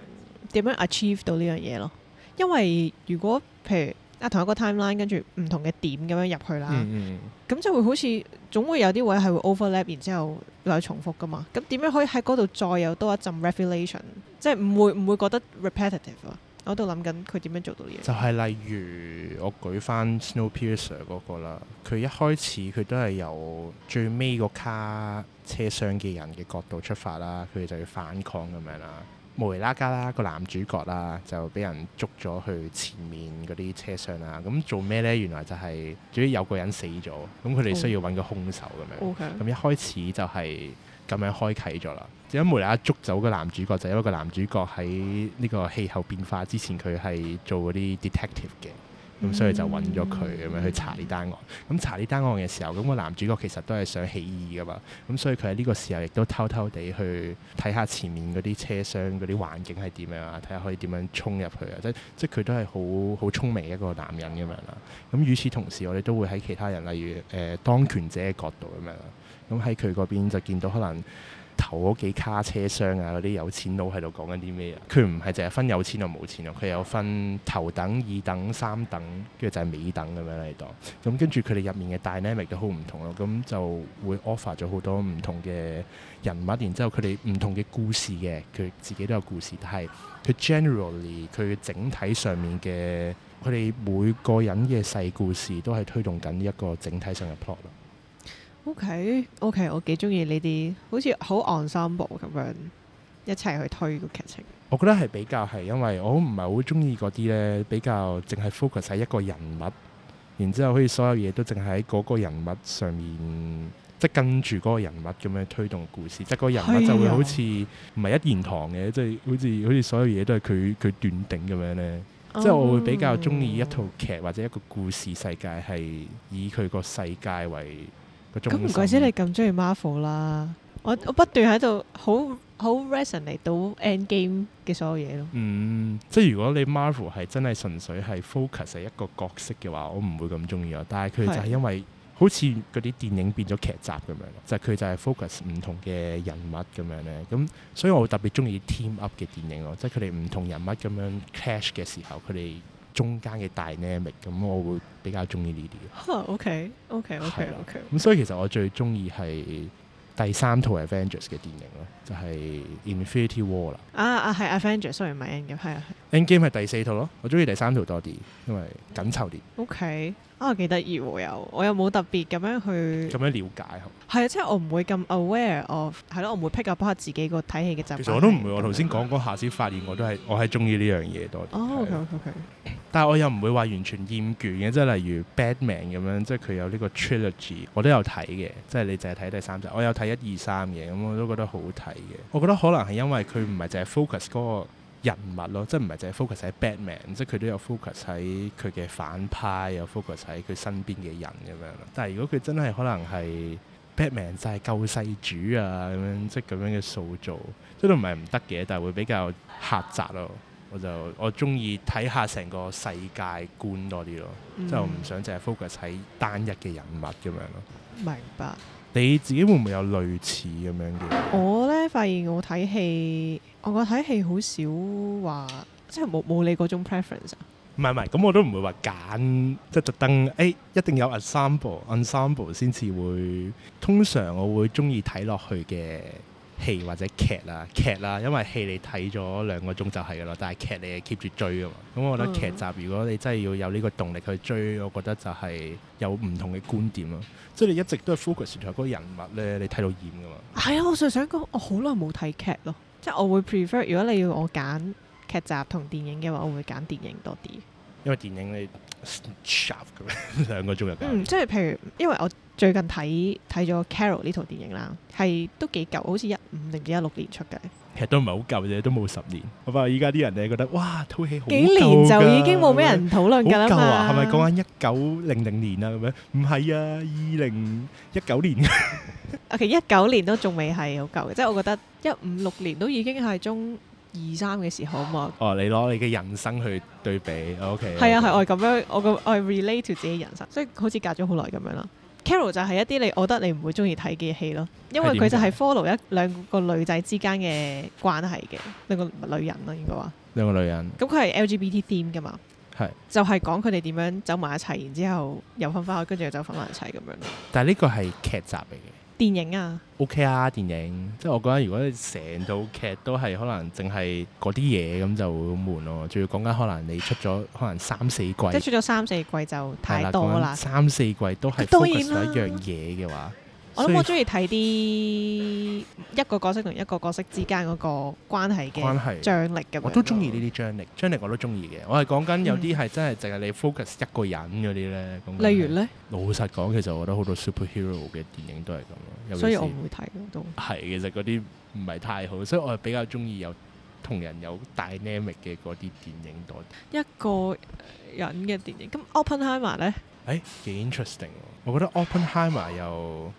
點樣 achieve 到呢樣嘢咯？因為如果譬如啊同一個 timeline，跟住唔同嘅點咁樣入去啦，咁、嗯嗯、就會好似總會有啲位係會 overlap，然之後又有重複噶嘛。咁點樣可以喺嗰度再有多一陣 revelation，即係唔會唔會覺得 repetitive 啊？我度諗緊佢點樣做到嘢，就係例如我舉翻 Snowpiercer 嗰個啦，佢一開始佢都係由最尾個卡車廂嘅人嘅角度出發啦，佢哋就要反抗咁樣啦，無啦啦個男主角啦就俾人捉咗去前面嗰啲車廂啦，咁做咩呢？原來就係總之有個人死咗，咁佢哋需要揾個兇手咁樣。O.K. 咁一開始就係咁樣開啟咗啦。就因為捉走個男主角，就因為個男主角喺呢個氣候變化之前，佢係做嗰啲 detective 嘅，咁所以就揾咗佢咁樣、mm hmm. 去查呢單案。咁查呢單案嘅時候，咁個男主角其實都係想起義噶嘛。咁所以佢喺呢個時候亦都偷偷地去睇下前面嗰啲車廂嗰啲環境係點樣啊，睇下可以點樣衝入去啊。即即佢都係好好聰明一個男人咁樣啦。咁與此同時，我哋都會喺其他人，例如誒、呃、當權者嘅角度咁樣啦。咁喺佢嗰邊就見到可能，頭嗰幾卡車廂啊，嗰啲有錢佬喺度講緊啲咩啊？佢唔係淨係分有錢同冇錢咯，佢有分頭等、二等、三等，跟住就係尾等咁樣嚟當。咁跟住佢哋入面嘅 dynamic 都好唔同咯。咁就會 offer 咗好多唔同嘅人物，然之後佢哋唔同嘅故事嘅，佢自己都有故事，但係佢 generally 佢整體上面嘅，佢哋每個人嘅細故事都係推動緊一個整體上嘅 plot 咯。OK，OK，我幾中意呢啲好似好 ensemble 咁樣一齊去推個劇情。我覺得係比較係，因為我唔係好中意嗰啲呢，比較淨係 focus 喺一個人物，然之後好似所有嘢都淨係喺嗰個人物上面，即係跟住嗰個人物咁樣推動故事。即係個人物就會好似唔係一言堂嘅，即係好似好似所有嘢都係佢佢斷定咁樣呢。即係我會比較中意一套劇或者一個故事世界係以佢個世界為。咁唔怪之你咁中意 Marvel 啦，我我不斷喺度好好 resonate 嚟到 Endgame 嘅所有嘢咯。嗯，即係如果你 Marvel 係真係純粹係 focus 一個角色嘅話，我唔會咁中意咯。但係佢就係因為是好似嗰啲電影變咗劇集咁樣，就佢、是、就係 focus 唔同嘅人物咁樣咧。咁所以我特別中意 team up 嘅電影咯，即係佢哋唔同人物咁樣 clash 嘅時候，佢哋。中間嘅 dynamic，噉我會比較鍾意呢啲。OK，OK，OK，OK。噉所以其實我最鍾意係第三套 Avengers 嘅電影囉，就係、是、Infinity War 喇。啊，係 Avengers，sorry，唔係 Endgame，係啊，Endgame 係第四套囉。我鍾意第三套多啲，因為緊湊啲。OK。啊，幾得意喎又，我又冇特別咁樣去咁樣了解係啊，即係、 就是、我唔會咁 aware of 係咯，我唔會 pick up 自己個睇戲嘅習慣。其實我都唔會，這樣 我頭先講嗰下先發現我，我都係我係中意呢樣嘢多啲。但係我又唔會話完全厭倦嘅，即係例如 Batman 咁樣，即係佢有呢個 trilogy，我都有睇嘅，即係你淨係睇第三集，我有睇一二三嘅，咁我都覺得好睇嘅。我覺得可能係因為佢唔係淨係 focus、嗰個。人物咯，即係唔係淨係 focus 喺 Batman，即係佢都有 focus 喺佢嘅反派，有 focus 喺佢身邊嘅人咁樣咯。但係如果佢真係可能係 Batman 就係救世主啊咁樣，即係咁樣嘅塑造，即都唔係唔得嘅，但係會比較狹窄咯。我就我中意睇下成個世界觀多啲咯，嗯，即我唔想淨係 focus 喺單一嘅人物咁樣咯。明白。你自己會唔會有類似咁樣嘅？我呢發現我睇戲，我個睇戲好少話，即係冇冇你嗰種 preference？唔係唔係，咁我都唔會話揀，即係特登誒，一定有 ensemble、ensemble 先至會。通常我會中意睇落去嘅。戲或者劇啊，劇啦，因為戲你睇咗兩個鐘就係噶咯，但係劇你係 keep 住追噶嘛。咁我覺得劇集如果你真係要有呢個動力去追，我覺得就係有唔同嘅觀點咯。即係你一直都係 focus 喺嗰個人物咧，你睇到厭噶嘛。係啊，我就想講，我好耐冇睇劇咯。即係我會 prefer，如果你要我揀劇集同電影嘅話，我會揀電影多啲。因為電影你 short 嘅兩個鐘入邊。嗯，即係譬如因為我。最近睇睇咗 Carol 呢套電影啦，係都幾舊，舊，好似一五定唔知一六年出嘅。其實都唔係好舊啫，都冇十年。不過依家啲人咧覺得哇，套戲好幾年就已經冇咩人討論㗎啦嘛。係咪講緊一九零零年啊？咁樣唔係啊，二零一九年。其實一九年都仲未係好舊嘅，即係我覺得一五六年都已經係中二三嘅時候啊嘛。哦，你攞你嘅人生去對比，OK？係、okay. 啊，係我咁樣，我個我 relate to 自己人生，所以好似隔咗好耐咁樣啦。Carol 就係一啲你，我覺得你唔會中意睇嘅戲咯，因為佢就係 follow 一兩個女仔之間嘅關係嘅兩個女人咯，應該話。兩個女人。咁佢係 LGBT theme 噶嘛？係是。就係講佢哋點樣走埋一齊，然之後又分翻開，跟住又走翻埋一齊咁樣。但係呢個係劇集嚟嘅。電影啊，OK 啊，電影即係我覺得，如果你成套劇都係可能淨係嗰啲嘢咁，就會悶咯、啊。仲要講緊可能你出咗可能三四季，即係出咗三四季就太多啦。三四季都係 focus 喺一樣嘢嘅話。我諗我中意睇啲一個角色同一個角色之間嗰個關係嘅關係張力嘅。我都中意呢啲張力。張力我都中意嘅。我係講緊有啲係真係淨係你 focus 一個人嗰啲咧。說說說，例如咧，老實講，其實我覺得好多 superhero 嘅電影都係咁咯。所以我唔會睇，都係其實嗰啲唔係太好，所以我係比較中意有同人有 dynamic 嘅嗰啲電影多啲。一個人嘅電影咁，Oppenheimer 咧？誒，幾 interesting，喎。我覺得 Oppenheimer 又～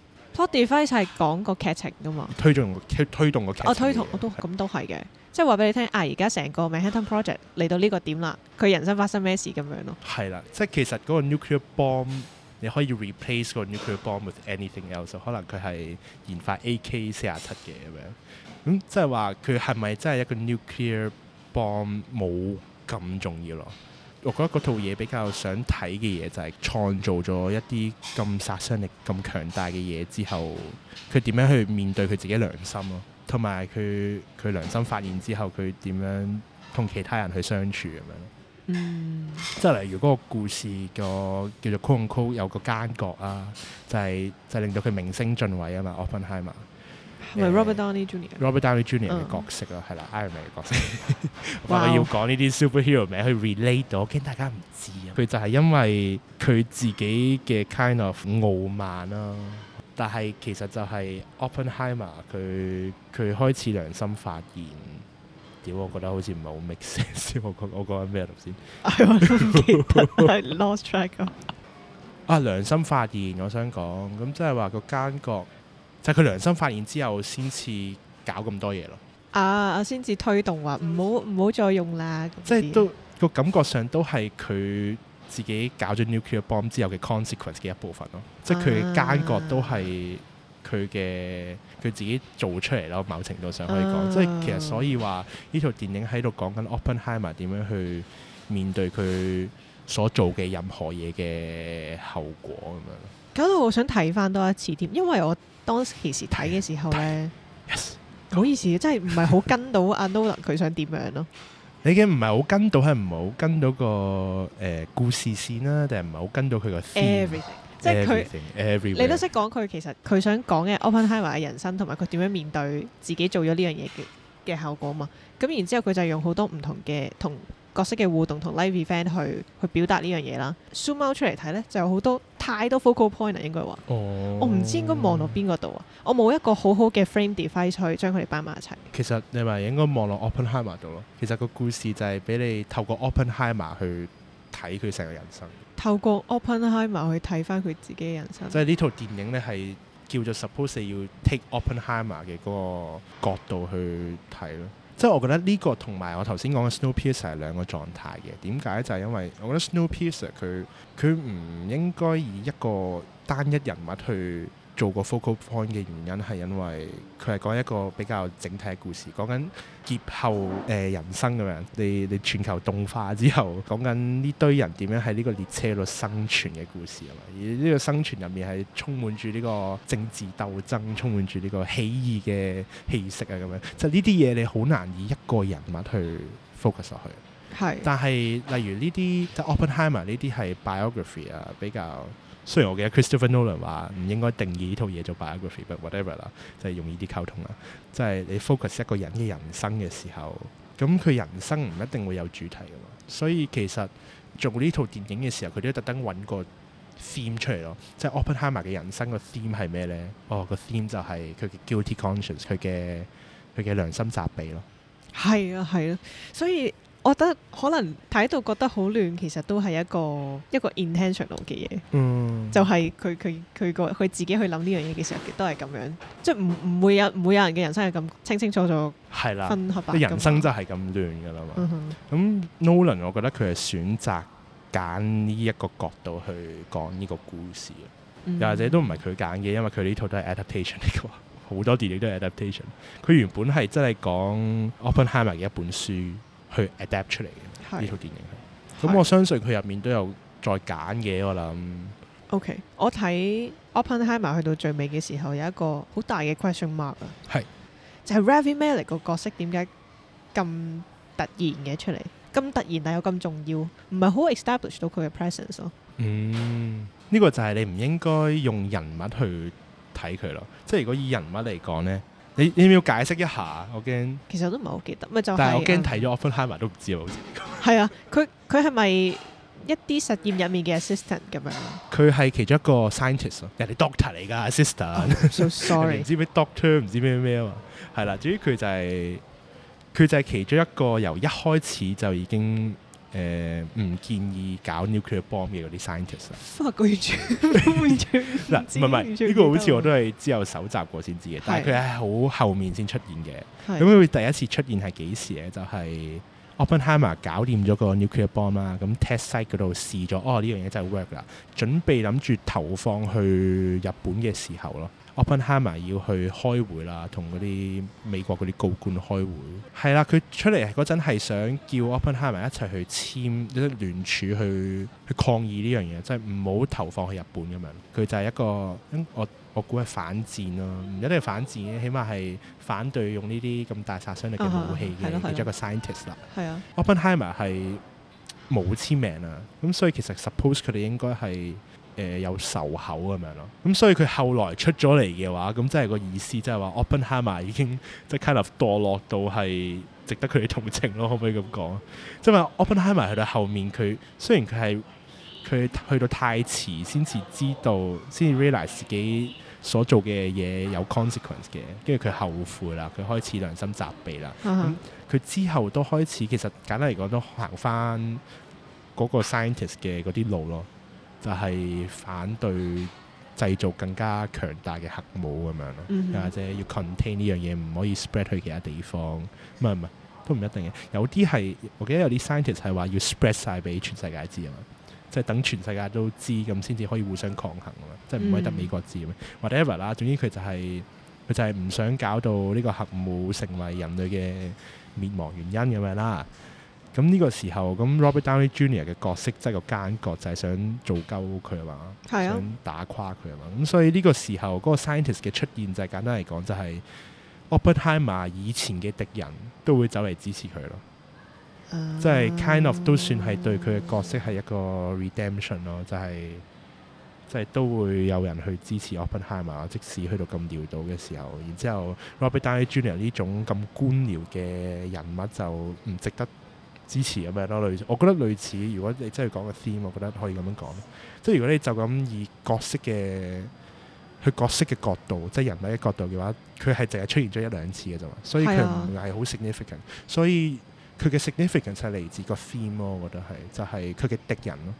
Plot device 係講個劇情㗎嘛，推進推推動個劇我、啊、推同我都咁都係嘅，即係話俾你聽，啊而家成個,、ah an 個《Manhattan Project》嚟到呢個點啦，佢人生發生咩事咁樣咯？係啦，即係其實嗰個 nuclear bomb 你可以 replace 個 nuclear bomb with anything else，可能佢係研發 AK 四廿七嘅咁樣，咁即係話佢係咪真係一個 nuclear bomb 冇咁重要咯？我覺得嗰套嘢比較想睇嘅嘢就係創造咗一啲咁殺傷力咁強大嘅嘢之後，佢點樣去面對佢自己良心咯、啊？同埋佢佢良心發現之後，佢點樣同其他人去相處咁、啊、樣？嗯、即係例如嗰個故事個叫做《Conc》，有個奸角啊，就係、是、就是、令到佢名聲盡毀啊嘛 Oppenheimer 唔係 Robert Downey Jr.，Robert Downey Jr. 嘅角色咯，係啦，Iron Man 嘅角色。我話要講呢啲 superhero 名去 relate 到，我驚大家唔知啊。佢就係因為佢自己嘅 kind of 傲慢啦、啊，但係其實就係 Oppenheimer 佢佢開始良心發現。屌，我覺得好似唔係好 mixing 我覺我講緊咩頭先？我唔記得，lost track 啊。 啊，良心發現，我想講，咁即係話個奸角。就佢良心發現之後，先至搞咁多嘢咯。啊，先至推動話唔好唔好再用啦。即係都個感覺上都係佢自己搞咗 nuclear bomb 之後嘅 consequence 嘅一部分咯。即係佢嘅間隔都係佢嘅佢自己做出嚟咯。某程度上可以講，啊、即係其實所以話呢套電影喺度講緊 Oppenheimer 點樣去面對佢所做嘅任何嘢嘅後果咁樣。搞到我想睇翻多一次添，因為我。當時時睇嘅時候呢，好意思， 真係唔係好跟到阿 Nolan 佢想點樣咯。 你嘅唔係好跟到係唔係好跟到個誒故事線啦，定係唔係好跟到佢個 everything？everything 即係佢，Everything, everywhere. 你都識講佢其實佢想講嘅 Oppenheimer 嘅人生同埋佢點樣面對自己做咗呢樣嘢嘅嘅效果嘛？咁然之後佢就用好多唔同嘅同。角色嘅互動同 live event 去去表達呢樣嘢啦，zoom out 出嚟睇呢，就有好多太多 focal point 啊，應該話，oh，我唔知應該望落邊個度啊，我冇一個好好嘅 frame device 去將佢哋擺埋一齊。其實你咪應該望落 Oppenheimer 度咯，其實個故事就係俾你透過 Oppenheimer 去睇佢成個人生，透過 Oppenheimer 去睇翻佢自己嘅人生。即係呢套電影呢，係叫做 suppose 要 take Oppenheimer 嘅嗰個角度去睇咯。即係我覺得個我個呢個同埋我頭先講嘅 Snowpiercer 係係兩個狀態嘅，點解就係、是、因為我覺得 Snowpiercer 佢佢唔應該以一個單一人物去。做過 focal point 嘅原因係因為佢係講一個比較整體嘅故事，講緊劫後誒、呃、人生咁樣。你你全球動化之後，講緊呢堆人點樣喺呢個列車度生存嘅故事啊嘛。而呢個生存入面係充滿住呢個政治鬥爭，充滿住呢個起義嘅氣息啊咁樣。就呢啲嘢你好難以一個人物去 focus 落去。係是，但係例如呢啲，即、就、係、是、Oppenheimer 呢啲係 biography 啊，比較。雖然我記得 Christopher Nolan 話唔應該定義呢套嘢做 biography，but whatever 啦，就係用呢啲溝通啦。即係你 focus 一個人嘅人生嘅時候，咁佢人生唔一定會有主題噶嘛。所以其實做呢套電影嘅時候，佢都特登揾個 theme 出嚟咯。即係 Oppenheimer 嘅人生個 theme 係咩呢？哦，個 theme 就係佢嘅 guilty conscience，佢嘅佢嘅良心責備咯。係啊，係啊，所以。我覺得可能睇到覺得好亂，其實都係一個一個 intentional 嘅嘢，嗯、就係佢佢佢個佢自己去諗呢樣嘢嘅時候，都係咁樣，即係唔唔會有唔會有人嘅人生係咁清清楚楚，係啦、啊，分黑白咁，人生就係咁亂噶啦嘛。咁、嗯、哼 Nolan，我覺得佢係選擇揀呢一個角度去講呢個故事，又或者都唔係佢揀嘅，因為佢呢套都係 adaptation 嚟嘅，好多電影都係 adaptation。佢原本係真係講《Oppenheimer》嘅一本書。去 adapt 出嚟嘅呢套電影，咁是我相信佢入面都有再揀嘅。我諗。O、okay, K，我睇 Oppenheimer 去到最尾嘅時候有一個好大嘅 question mark 啊，係是就係 Ravi Malek 個角色點解咁突然嘅出嚟？咁突然但又咁重要，唔係好 establish 到佢嘅 presence 咯。嗯，呢、這個就係你唔應該用人物去睇佢咯。即係如果以人物嚟講呢。你你要解釋一下，我驚。其實我都唔係好記得，咪就係、是。但係我驚睇咗 Oppenheimer 都唔知啊，好似。係啊，佢佢係咪一啲實驗入面嘅 assistant 咁樣？佢係其中一個 scientist，人哋 doctor 嚟㗎 assistant。Oh, so sorry，唔 知咩 doctor，唔知咩咩啊嘛。係啦、啊，至於佢就係、是、佢就係其中一個由一開始就已經。誒唔、呃、建議搞 nuclear bomb 嘅嗰啲 scientist。八嗱、啊，唔係唔係，呢、 啊、個好似我都係之後搜集過先知嘅，的但係佢係好後面先出現嘅。咁佢的、嗯、第一次出現係幾時咧？就係、是、Oppenheimer 搞掂咗個 nuclear bomb 啦，咁 test site 嗰度試咗，哦呢樣嘢真係 work 啦，準備諗住投放去日本嘅時候咯。Oppenheimer 要去開會啦，同嗰啲美國嗰啲高官開會，係啦，佢出嚟嗰陣係想叫 Oppenheimer 一齊去簽呢個聯署去去抗議呢樣嘢，即係唔好投放去日本咁樣。佢就係一個，我我估係反戰咯，唔一定係反戰，起碼係反對用呢啲咁大殺傷力嘅武器嘅其中一個 scientist 啦。Oppenheimer 係冇簽名啦，咁所以其實 suppose 佢哋應該係。誒、呃，有仇口咁樣咯，咁、嗯、所以佢後來出咗嚟嘅話，咁、嗯、即係個意思，即、就、係、是、話 Oppenheimer 已經即係 kind of 墮落到係值得佢哋同情咯，可唔可以咁講？即、就、係、是、話 Oppenheimer 去到後面，佢雖然佢係佢去到太遲，先至知道，先至 realize 自己所做嘅嘢有 consequence 嘅，跟住佢後悔啦，佢開始良心責備啦，咁佢、嗯嗯嗯、之後都開始其實簡單嚟講都行翻嗰個 scientist 嘅嗰啲路咯。就係反對製造更加強大嘅核武咁樣咯，mm hmm. 或者要 contain 呢樣嘢，唔可以 spread 去其他地方。唔係唔係，都唔一定嘅。有啲係，我記得有啲 scientist 係話要 spread 晒俾全世界知啊嘛，即係等全世界都知咁先至可以互相抗衡啊嘛，即係唔可以得美國知 whatever 啦，總之佢就係，佢就係唔想搞到呢個核武成為人類嘅滅亡原因咁樣啦。咁呢個時候，咁 Robert Downey Jr. 嘅角色即係個奸角就係、是、想做鳩佢啊嘛，想打垮佢啊嘛。咁所以呢個時候，嗰、那個 scientist 嘅出現就係、是、簡單嚟講，就係、是、Oppenheimer 以前嘅敵人都會走嚟支持佢咯，即係、uh, kind of 都算係對佢嘅角色係一個 redemption 咯、就是，就係即係都會有人去支持 Oppenheimer，即使去到咁潦倒嘅時候。然之後 Robert Downey Jr. 呢種咁官僚嘅人物就唔值得。支持咁樣咯，類似我覺得類似。如果你真係講個 theme，我覺得可以咁樣講。即係如果你就咁以角色嘅，佢角色嘅角度，即係人物嘅角度嘅話，佢係淨係出現咗一兩次嘅啫嘛，所以佢唔係好 significant。所以佢嘅 significance 係嚟自個 theme 咯。我覺得係就係佢嘅敵人咯，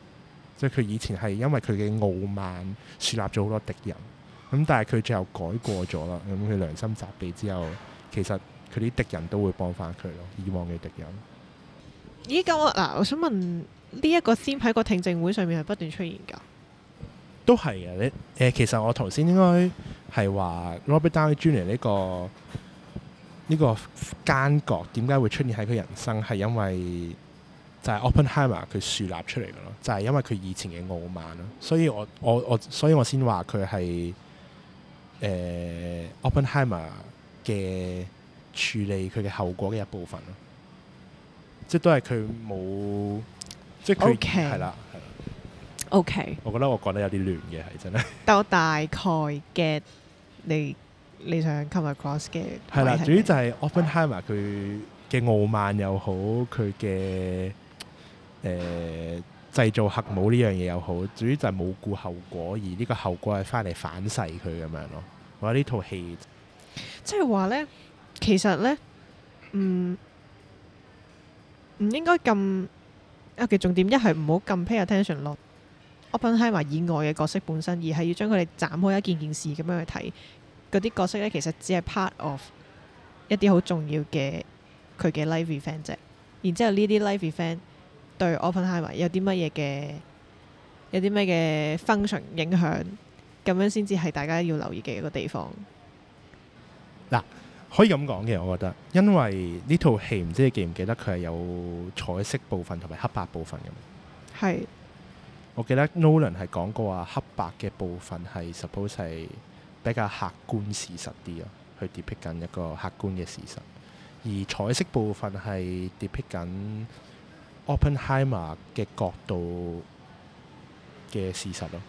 即係佢以前係因為佢嘅傲慢樹立咗好多敵人，咁但係佢最後改過咗啦，咁佢良心責備之後，其實佢啲敵人都會幫翻佢咯，以往嘅敵人。咦，咁我嗱，我想問呢一個先，喺個聽證會上面係不斷出現噶，都係嘅。你誒、呃，其實我頭先應該係話 Robert Downey Jr. 呢個、呢個奸角點解會出現喺佢人生，係因為就係 Oppenheimer 佢樹立出嚟嘅咯，就係因為佢以前嘅傲慢咯。所以我、我、我，所以我先話佢係誒、呃、Oppenheimer 嘅處理佢嘅後果嘅一部分咯。即都係佢冇，即係佢係啦，OK。Okay. 我覺得我講得有啲亂嘅，係真係。但我大概嘅你你想 come across 嘅係啦，主要就係 Oppenheimer 佢嘅傲慢又好，佢嘅誒製造核武呢樣嘢又好，主要就係冇顧後果，而呢個後果係翻嚟反噬佢咁樣咯。我覺得呢套戲即係話咧，其實咧，嗯。唔應該咁，啊！其重點一係唔好咁 pay attention 咯。Oppenheimer 以外嘅角色本身，而係要將佢哋斬開一件件事咁樣去睇。嗰啲角色咧其實只係 part of 一啲好重要嘅佢嘅 life event 啫。然之後呢啲 life event 對 Oppenheimer 有啲乜嘢嘅有啲咩嘅 function 影響，咁樣先至係大家要留意嘅一個地方。嗱。可以咁講嘅，我覺得，因為呢套戲唔知你記唔記得，佢係有彩色部分同埋黑白部分嘅。係是。我記得 Nolan 係講過話，黑白嘅部分係 suppose 係比較客觀事實啲咯，去 depict 緊一個客觀嘅事實，而彩色部分係 depict 緊 Oppenheimer 嘅角度嘅事實咯。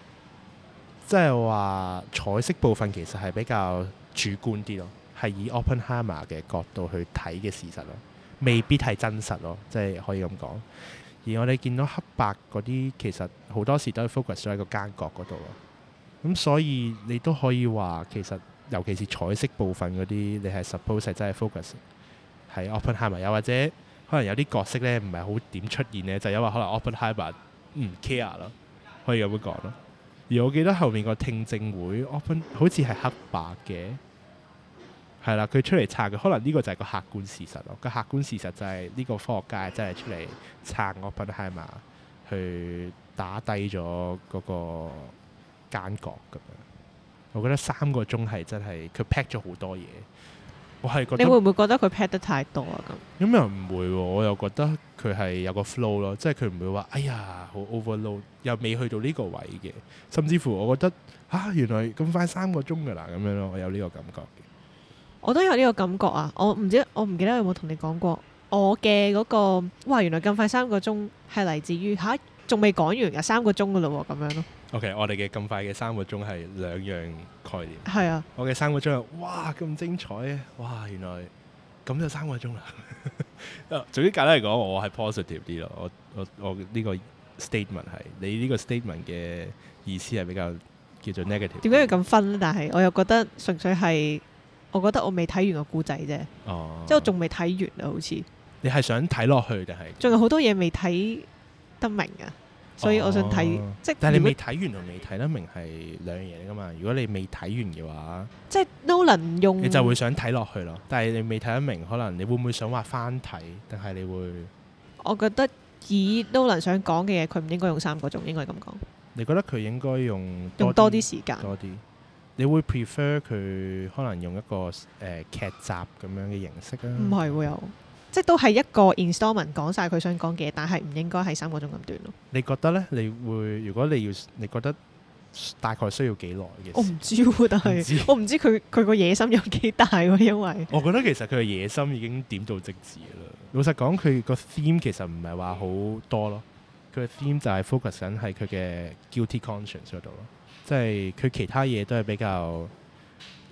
即係話彩色部分其實係比較主觀啲咯。係以 Oppenheimer 嘅角度去睇嘅事實咯，未必係真實咯，即係可以咁講。而我哋見到黑白嗰啲，其實好多時都係 focus 咗喺個間角嗰度咯。咁、嗯、所以你都可以話，其實尤其是彩色部分嗰啲，你係 suppose 真係 focus 係 Oppenheimer 又或者可能有啲角色咧唔係好點出現呢，就是、因為可能 Oppenheimer 唔 care 咯，可以咁樣講咯。而我記得後面個聽證會，Open 好似係黑白嘅。係啦，佢出嚟撐佢可能呢個就係個客觀事實咯。個客觀事實就係呢個科學家真係出嚟撐 Oppenheimer 嘛，去打低咗嗰個奸角咁樣。我覺得三個鐘係真係佢 pack 咗好多嘢。我係覺得你會唔會覺得佢 pack 得太多啊？咁咁又唔會喎，我又覺得佢係有個 flow 咯，即係佢唔會話哎呀好 overload，又未去到呢個位嘅。甚至乎，我覺得啊，原來咁快三個鐘噶啦，咁樣咯，我有呢個感覺。我都有呢個感覺啊！我唔知，我唔記得有冇同你講過我嘅嗰個哇，原來咁快三個鐘係嚟自於嚇，仲未講完啊，三個鐘噶咯咁樣咯。OK，我哋嘅咁快嘅三個鐘係兩樣概念。係啊。我嘅三個鐘係哇咁精彩啊！哇，原來咁就三個鐘啦。啊，總之簡單嚟講，我係 positive 啲咯。我我我呢個 statement 係你呢個 statement 嘅意思係比較叫做 negative。點解要咁分？但係我又覺得純粹係。我覺得我未睇完個故仔啫，哦、即係我仲未睇完啊，好似你係想睇落去定係？仲有好多嘢未睇得明啊，所以我想睇、哦、即係是。但係你未睇完同未睇得明係兩樣嘢噶嘛？如果你未睇完嘅話，即係 Nolan 用，你就會想睇落去咯。但係你未睇得明，可能你會唔會想話翻睇？定係你會？我覺得以 Nolan 想講嘅嘢，佢唔應該用三個鐘，應該咁講。你覺得佢應該用多用多啲時間多啲？你會 prefer 佢可能用一個誒、呃、劇集咁樣嘅形式啊？唔係會有，即係都係一個 installment 講晒佢想講嘅嘢，但係唔應該係三個鐘咁短咯。你覺得呢？你會如果你要，你覺得大概需要幾耐嘅？我唔知，但係 我唔知佢佢個野心有幾大喎、啊，因為我覺得其實佢嘅野心已經點到即止啦。老實講，佢個 theme 其實唔係話好多咯，佢嘅 theme 就係 focus 緊喺佢嘅 guilty conscience 度咯。即係佢其他嘢都係比較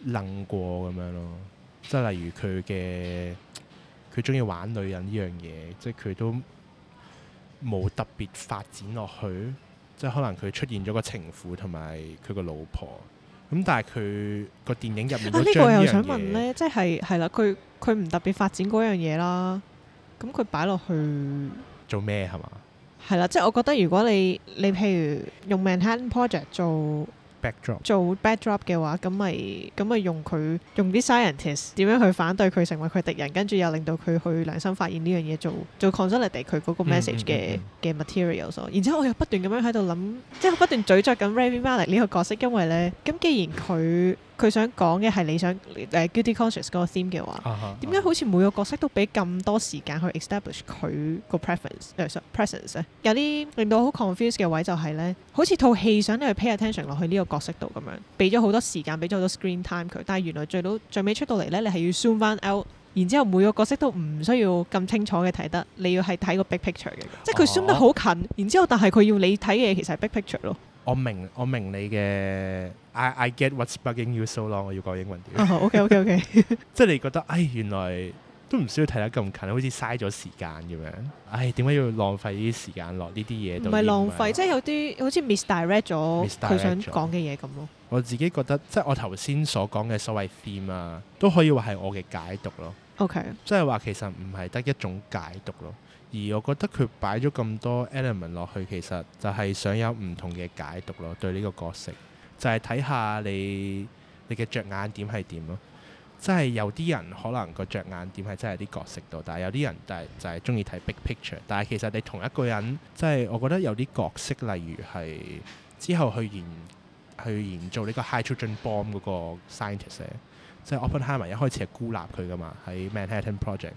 愣過咁樣咯，即係例如佢嘅佢中意玩女人呢樣嘢，即係佢都冇特別發展落去，即係可能佢出現咗個情婦同埋佢個老婆，咁但係佢個電影入面，啊呢個我又想問呢，即係係啦，佢佢唔特別發展嗰樣嘢啦，咁佢擺落去做咩係嘛？係啦， 即係我覺得如果你你譬如用 Manhattan Project 做 backdrop 做 backdrop 嘅話，咁咪咁咪用佢用啲 scientist 點樣去反對佢成為佢敵人，跟住又令到佢去良心發現呢樣嘢做做 consolidate 佢嗰個 message 嘅嘅 materials。然之後我又不斷咁樣喺度諗，即係不斷咀嚼緊 Ravi Malek 呢個角色，因為呢咁既然佢。 佢想講嘅係你想誒、uh, guilty conscious 嗰個 theme 嘅話，點解、uh, uh, uh, 好似每個角色都俾咁多時間去 establish 佢個 preference 誒、呃、presence 咧？有啲令到我好 confused 嘅位就係、是、咧，好似套戲想你去 pay attention 落去呢個角色度咁樣，俾咗好多時間，俾咗好多 screen time 佢，但係原來最到最尾出到嚟咧，你係要 zoom 翻 out，然之後每個角色都唔需要咁清楚嘅睇得，你要係睇個 big picture 嘅，uh. 即係佢 zoom 得好近，然之後但係佢要你睇嘅其實係 big picture 咯。我明我明你嘅，I I get what’s bugging you so long。我要講英文點？啊、 oh，OK OK OK。 即係你覺得，唉、哎，原來都唔需要睇得咁近，好似嘥咗時間咁樣。唉、哎，點解要浪費呢啲時間落呢啲嘢？唔係浪費，即係有啲好似 misdirect 咗佢想講嘅嘢咁咯。我自己覺得，即係我頭先所講嘅所謂 theme 啊，都可以話係我嘅解讀咯。OK。即係話其實唔係得一種解讀咯。而我覺得佢擺咗咁多 element 落去，其實就係想有唔同嘅解讀咯。對呢個角色，就係、是、睇下你你嘅着眼點係點咯。即係有啲人可能個着眼點係真係啲角色度，但係有啲人就係就係中意睇 big picture。但係其實你同一個人，即係我覺得有啲角色，例如係之後去研去研做呢個 hydrogen bomb 嗰個 scientist，即係 Oppenheimer 一開始係孤立佢噶嘛喺 Manhattan Project，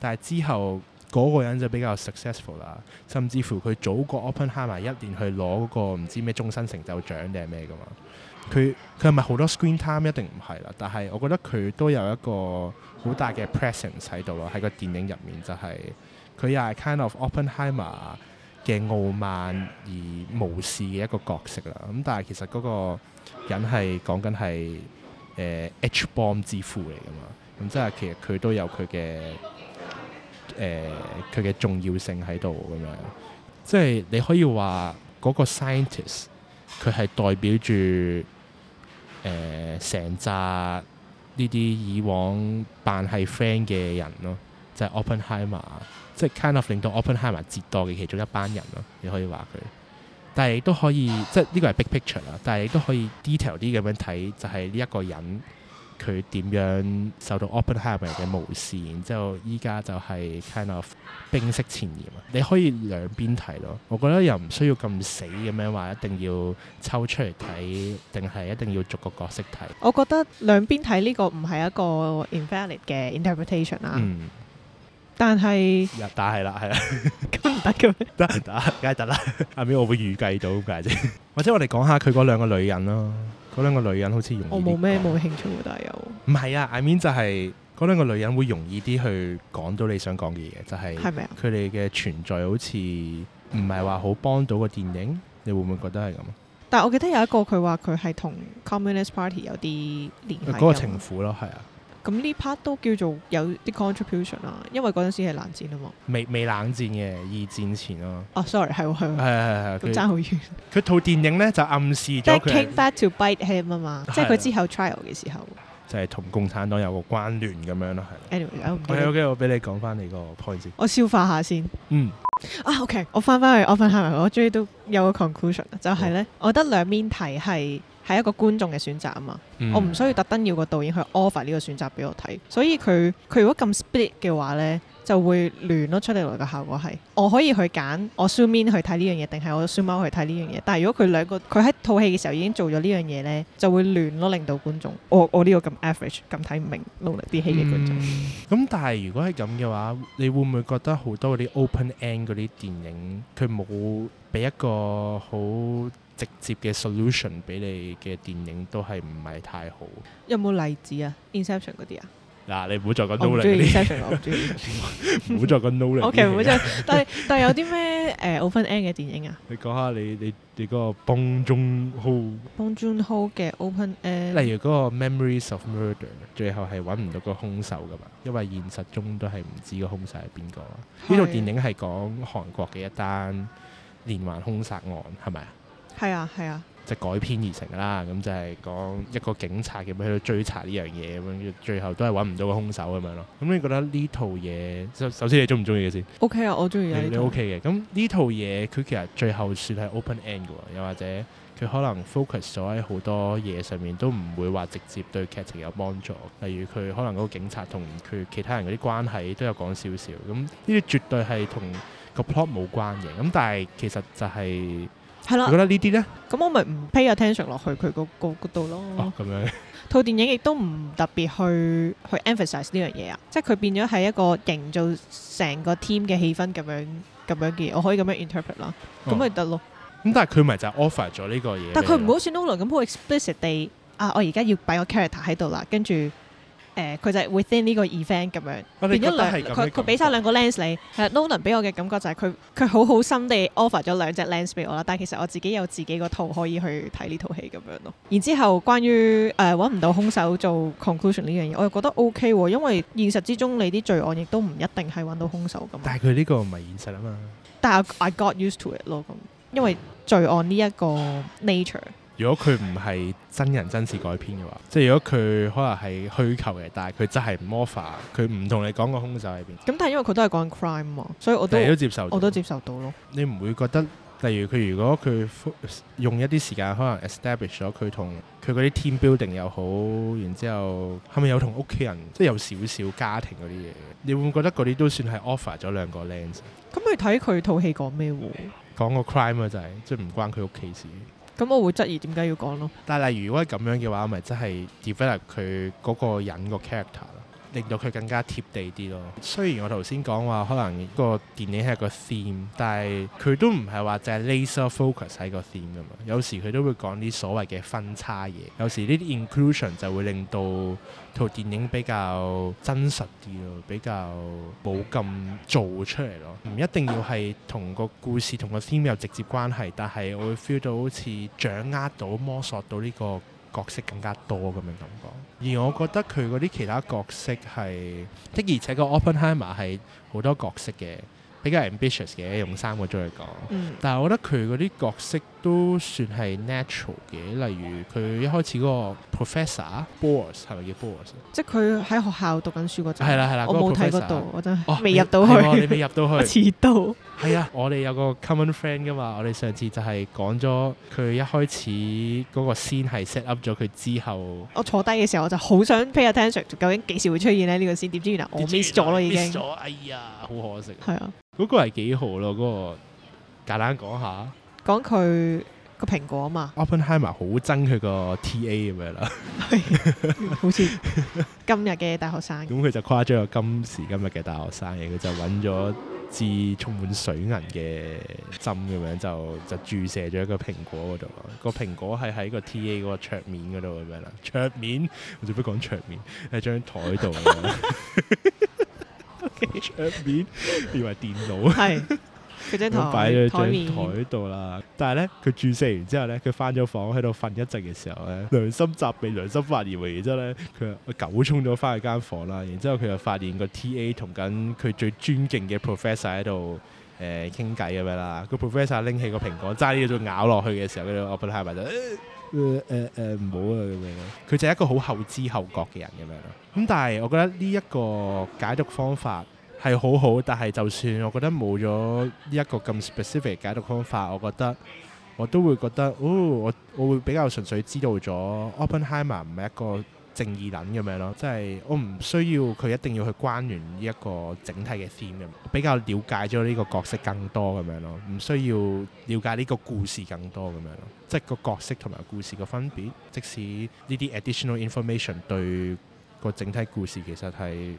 但係之後。嗰個人就比較 successful 啦，甚至乎佢早過 Oppenheimer 一年去攞嗰個唔知咩終身成就獎定係咩噶嘛。佢佢係咪好多 screen time？一定唔係啦，但係我覺得佢都有一個好大嘅 presence 喺度咯，喺個電影入面就係佢又係 kind of Oppenheimer 嘅傲慢而無視嘅一個角色啦。咁但係其實嗰個人係講緊係誒 H bomb 之父嚟噶嘛，咁即係其實佢都有佢嘅。誒佢嘅重要性喺度咁樣，即係你可以話嗰個 scientist 佢係代表住誒成扎呢啲以往扮係 friend 嘅人咯，就係 Oppenheimer，即係 kind of 令到 Oppenheimer 折墮嘅其中一班人咯，你可以話佢。但係亦都可以，即係呢個係 big picture 啦，但係亦都可以 detail 啲咁樣睇，就係呢一個人。佢點樣受到 Oppenheimer 嘅無視？然之後依家就係 kind of 冰釋前嫌啊！你可以兩邊睇咯。我覺得又唔需要咁死咁樣話，一定要抽出嚟睇，定係一定要逐個角色睇。我覺得兩邊睇呢個唔係一個 invalid 嘅 interpretation 啊。嗯。但係是，但係啦，係啦，咁唔得嘅咩？得唔得？梗係得啦。後面我會預計到嘅啫。 或者我哋講下佢嗰兩個女人咯。嗰兩個女人好似容易，我冇咩冇興趣，但係有，唔係啊。I mean 就係、係、嗰兩個女人會容易啲去講到你想講嘅嘢，就係係咪啊？佢哋嘅存在好似唔係話好幫到個電影，你會唔會覺得係咁啊？但係我記得有一個佢話佢係同 Communist Party 有啲聯繫，嗰個情婦咯，係啊。咁呢 part 都叫做有啲 contribution 啊，因為嗰陣時係冷戰啊嘛，未未冷戰嘅二戰前、oh, sorry, 啊，哦、啊、sorry 係喎係喎，係係係。咁爭好遠。佢套電影咧就暗示咗佢係 came back to bite him 啊嘛， 即係佢之後 trial 嘅時候。就係同共產黨有個關聯咁樣咯，係、啊。Anyway，OK，okay, okay, 我俾你講翻你個 point 先。我消化下先。嗯。啊、ah, OK，我翻翻去，我瞓下埋，我終於都有個 conclusion，就係咧，我， 我覺得兩面題係，係一個觀眾嘅選擇啊嘛，嗯、我唔需要特登要個導演去 offer 呢個選擇俾我睇，所以佢佢如果咁 split 嘅話呢，就會亂咯。出嚟嚟嘅效果係，我可以去揀我 sumin 去睇呢樣嘢，定係我 sumao 去睇呢樣嘢。但係如果佢兩個佢喺套戲嘅時候已經做咗呢樣嘢呢，就會亂咯，令到觀眾我我呢個咁 average 咁睇唔明努力啲戲嘅觀眾。咁但係如果係咁嘅話，你會唔會覺得好多嗰啲 open end 嗰啲電影，佢冇俾一個好？直接嘅 solution 俾你嘅電影都係唔係太好？有冇例子啊？Inception 嗰啲啊？嗱，你唔好再講 Nolan。我中意 Inception。唔好再講 Nolan。OK，唔好再。但係但係有啲咩誒 open end 嘅電影啊？你講下你你你嗰個 Bong Joon Ho。Bong Joon Ho 嘅 open end。例如嗰個 Memories of Murder，最後係揾唔到個兇手㗎嘛？因為現實中都係唔知個兇手係邊個。呢套電影係講韓國嘅一單連環兇殺案係咪啊？係啊，係啊，即係改編而成啦。咁就係講一個警察咁樣喺度追查呢樣嘢咁樣，最後都係揾唔到個兇手咁樣咯。咁你覺得呢套嘢，首先你中唔中意嘅先？O K 啊，我中意對你呢套 O K 嘅。咁呢套嘢佢其實最後算係 open end 嘅，又或者佢可能 focus 咗喺好多嘢上面，都唔會話直接對劇情有幫助。例如佢可能嗰個警察同佢其他人嗰啲關係都有講少少咁，呢啲絕對係同個 plot 冇關嘅。咁但係其實就係、是。係啦，你覺得呢啲咧？咁、嗯、我咪唔 pay attention 落去佢嗰、嗰個度、嗰個、咯。咁、哦、咁樣。套電影亦都唔特別去去 emphasize 呢樣嘢啊，即係佢變咗係一個營造成個 team 嘅氣氛咁樣咁樣嘅，我可以咁樣 interpret 啦，咁咪得咯。咁但係佢咪就係 offer 咗呢個嘢。但係佢唔好似 Nolan 咁好 explicit 地啊！我而家要擺個 character 喺度啦，跟住。誒佢，呃、就係 within 呢個 event 咁，啊、樣，變咗兩佢佢俾曬兩個 lens 你，其實 Nolan 俾我嘅感覺就係佢佢好好心地 offer 咗兩隻 lens 俾我啦，但係其實我自己有自己個套可以去睇呢套戲咁樣咯。然之後關於誒揾唔到兇手做 conclusion 呢樣嘢，我又覺得 OK 喎，因為現實之中你啲罪案亦都唔一定係揾到兇手咁。但係佢呢個唔係現實啊嘛。但係 I got used to it 咯，咁因為罪案呢一個 nature。如果佢唔係真人真事改編嘅話，即係如果佢可能係虛構嘅，但係佢真係唔 offer，佢唔同你講個兇手喺邊。咁但係因為佢都係講 crime 啊，所以我都都接受，我都接受到咯。你唔會覺得，例如佢如果佢用一啲時間可能 establish 咗佢同佢嗰啲 team building 又好，然之後係咪有同屋企人即係、就是、有少少家庭嗰啲嘢？你會唔會覺得嗰啲都算係 offer 咗兩個 lens？咁佢、嗯、睇佢套戲講咩喎？講、哦、個 crime、啊、就係、是、即係唔關佢屋企事。咁我會質疑點解要講咯。但係例如如果係咁樣嘅話，咪真係 develop 佢嗰個人個 character。令到佢更加貼地啲咯。雖然我頭先講話可能個電影係個 theme，但係佢都唔係話淨係 laser focus 喺個 theme 㗎嘛。有時佢都會講啲所謂嘅分叉嘢。有時呢啲 inclusion 就會令到套電影比較真實啲咯，比較冇咁做出嚟咯。唔一定要係同個故事同個 theme 有直接關係，但係我會 feel 到好似掌握到、摸索到呢個角色更加多咁樣感覺，而我覺得佢嗰啲其他角色係 的，而且個 Oppenheimer 係好多角色嘅，比較 ambitious 嘅，用三個鐘嚟講，嗯、但係我覺得佢嗰啲角色。都算係 natural 嘅，例如佢一開始嗰個 professor Boris 係咪叫 Boris？即係佢喺學校讀緊書嗰陣。係啦係啦，我冇睇嗰度，or, 我真係未入到去。你、哦未，哦、未入到去， 遲到。係啊，我哋有個 common friend 㗎嘛，我哋上次就係講咗佢一開始嗰個 scene 係 set up 咗佢之後。我坐低嘅時候，我就好想 pay attention，究竟幾時會出現咧？呢、這個 scene，點知原來我 miss 咗咯，已經了了。miss 咗，哎呀，好可惜。係啊，嗰的個係幾好咯，嗰、那個簡單講下。講佢個蘋果嘛啊嘛，Oppenheimer 好憎佢個 T A 咁樣啦，好似今日嘅大學生。咁佢 就誇張個今時今日嘅大學生，佢就揾咗支充滿水銀嘅針咁樣，就就注射咗一個蘋果嗰度。個蘋果係喺個 T A 嗰個桌面嗰度咁樣啦，桌面我就不講桌面喺張台度咁啦。桌,啊、 Okay 桌面變為電腦。 佢擺喺台台度啦，但係咧佢注射完之後咧，佢翻咗房喺度瞓一陣嘅時候咧，良心責備良心發現，然之後咧佢佢狗衝咗翻去間房啦，然之後佢就發現個 T A 同緊佢最尊敬嘅 professor 喺度誒傾偈咁樣啦，這個 professor 拎起個蘋果揸呢嘢再咬落去嘅時候，佢就我拍下就誒誒誒唔好啊咁樣，佢就係一個好後知後覺嘅人咁樣咯。咁但係我覺得呢一個解讀方法。係好好，但係就算我覺得冇咗呢一個咁 specific 解讀方法，我覺得我都會覺得，哦，我我會比較純粹知道咗 Oppenheimer 唔係一個正義人咁樣咯，即係我唔需要佢一定要去關聯呢一個整體嘅 theme，比較了解咗呢個角色更多咁樣咯，唔需要了解呢個故事更多咁樣咯，即係個角色同埋故事嘅分別，即使呢啲 additional information 對個整體故事其實係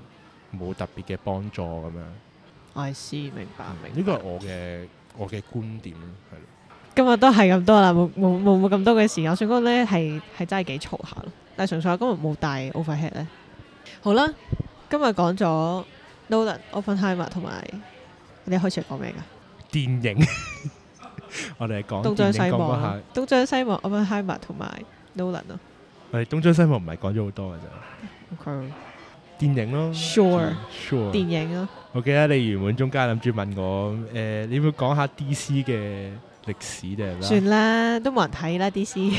冇特別嘅幫助咁樣，I see，明白明，呢個係我嘅我嘅觀點咯，係咯。今日都係咁多啦，冇冇冇冇咁多嘅時間，所以我咧係係真係幾嘈下咯。但係純粹我今日冇帶 overhead 咧。好啦，今日講咗 Nolan、Oppenheimer 同埋你一開始講咩噶？電影，我哋係講東張西望啊！東張西望 Oppenheimer 同埋 Nolan 啊！我哋東張西望唔係講咗好多㗎咋。Okay。電影咯，sure，sure，電影咯。我記得你原本中間諗住問我，誒、呃，你會講下 D.C. 嘅歷史定係啦。算啦，都冇人睇啦 D.C. 唔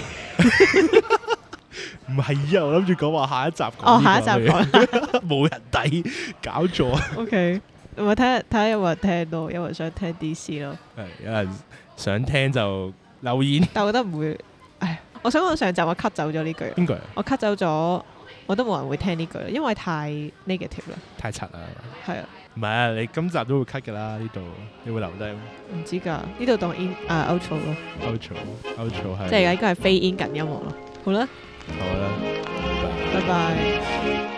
係 啊，我諗住講話下一集，這個，哦，下一集講，冇 人睇，搞錯。O.K. 唔係睇下睇下有冇人聽到，有冇人想聽 D.C. 咯？ 有人想聽就留言。但我覺得唔會，唉，我想講上集我 cut 走咗呢句。邊句、啊？我 cut 走咗。我都冇人會聽呢句啦，因為太 negative 啦，太柒啦，係啊的，唔係啊，你今集都會 cut 㗎啦呢度，你會留低？唔知㗎，呢度當 in 啊 outro 咯，outro，outro 係，即係而家應該係非 in 緊音樂咯，好啦，好啦，拜拜。拜拜。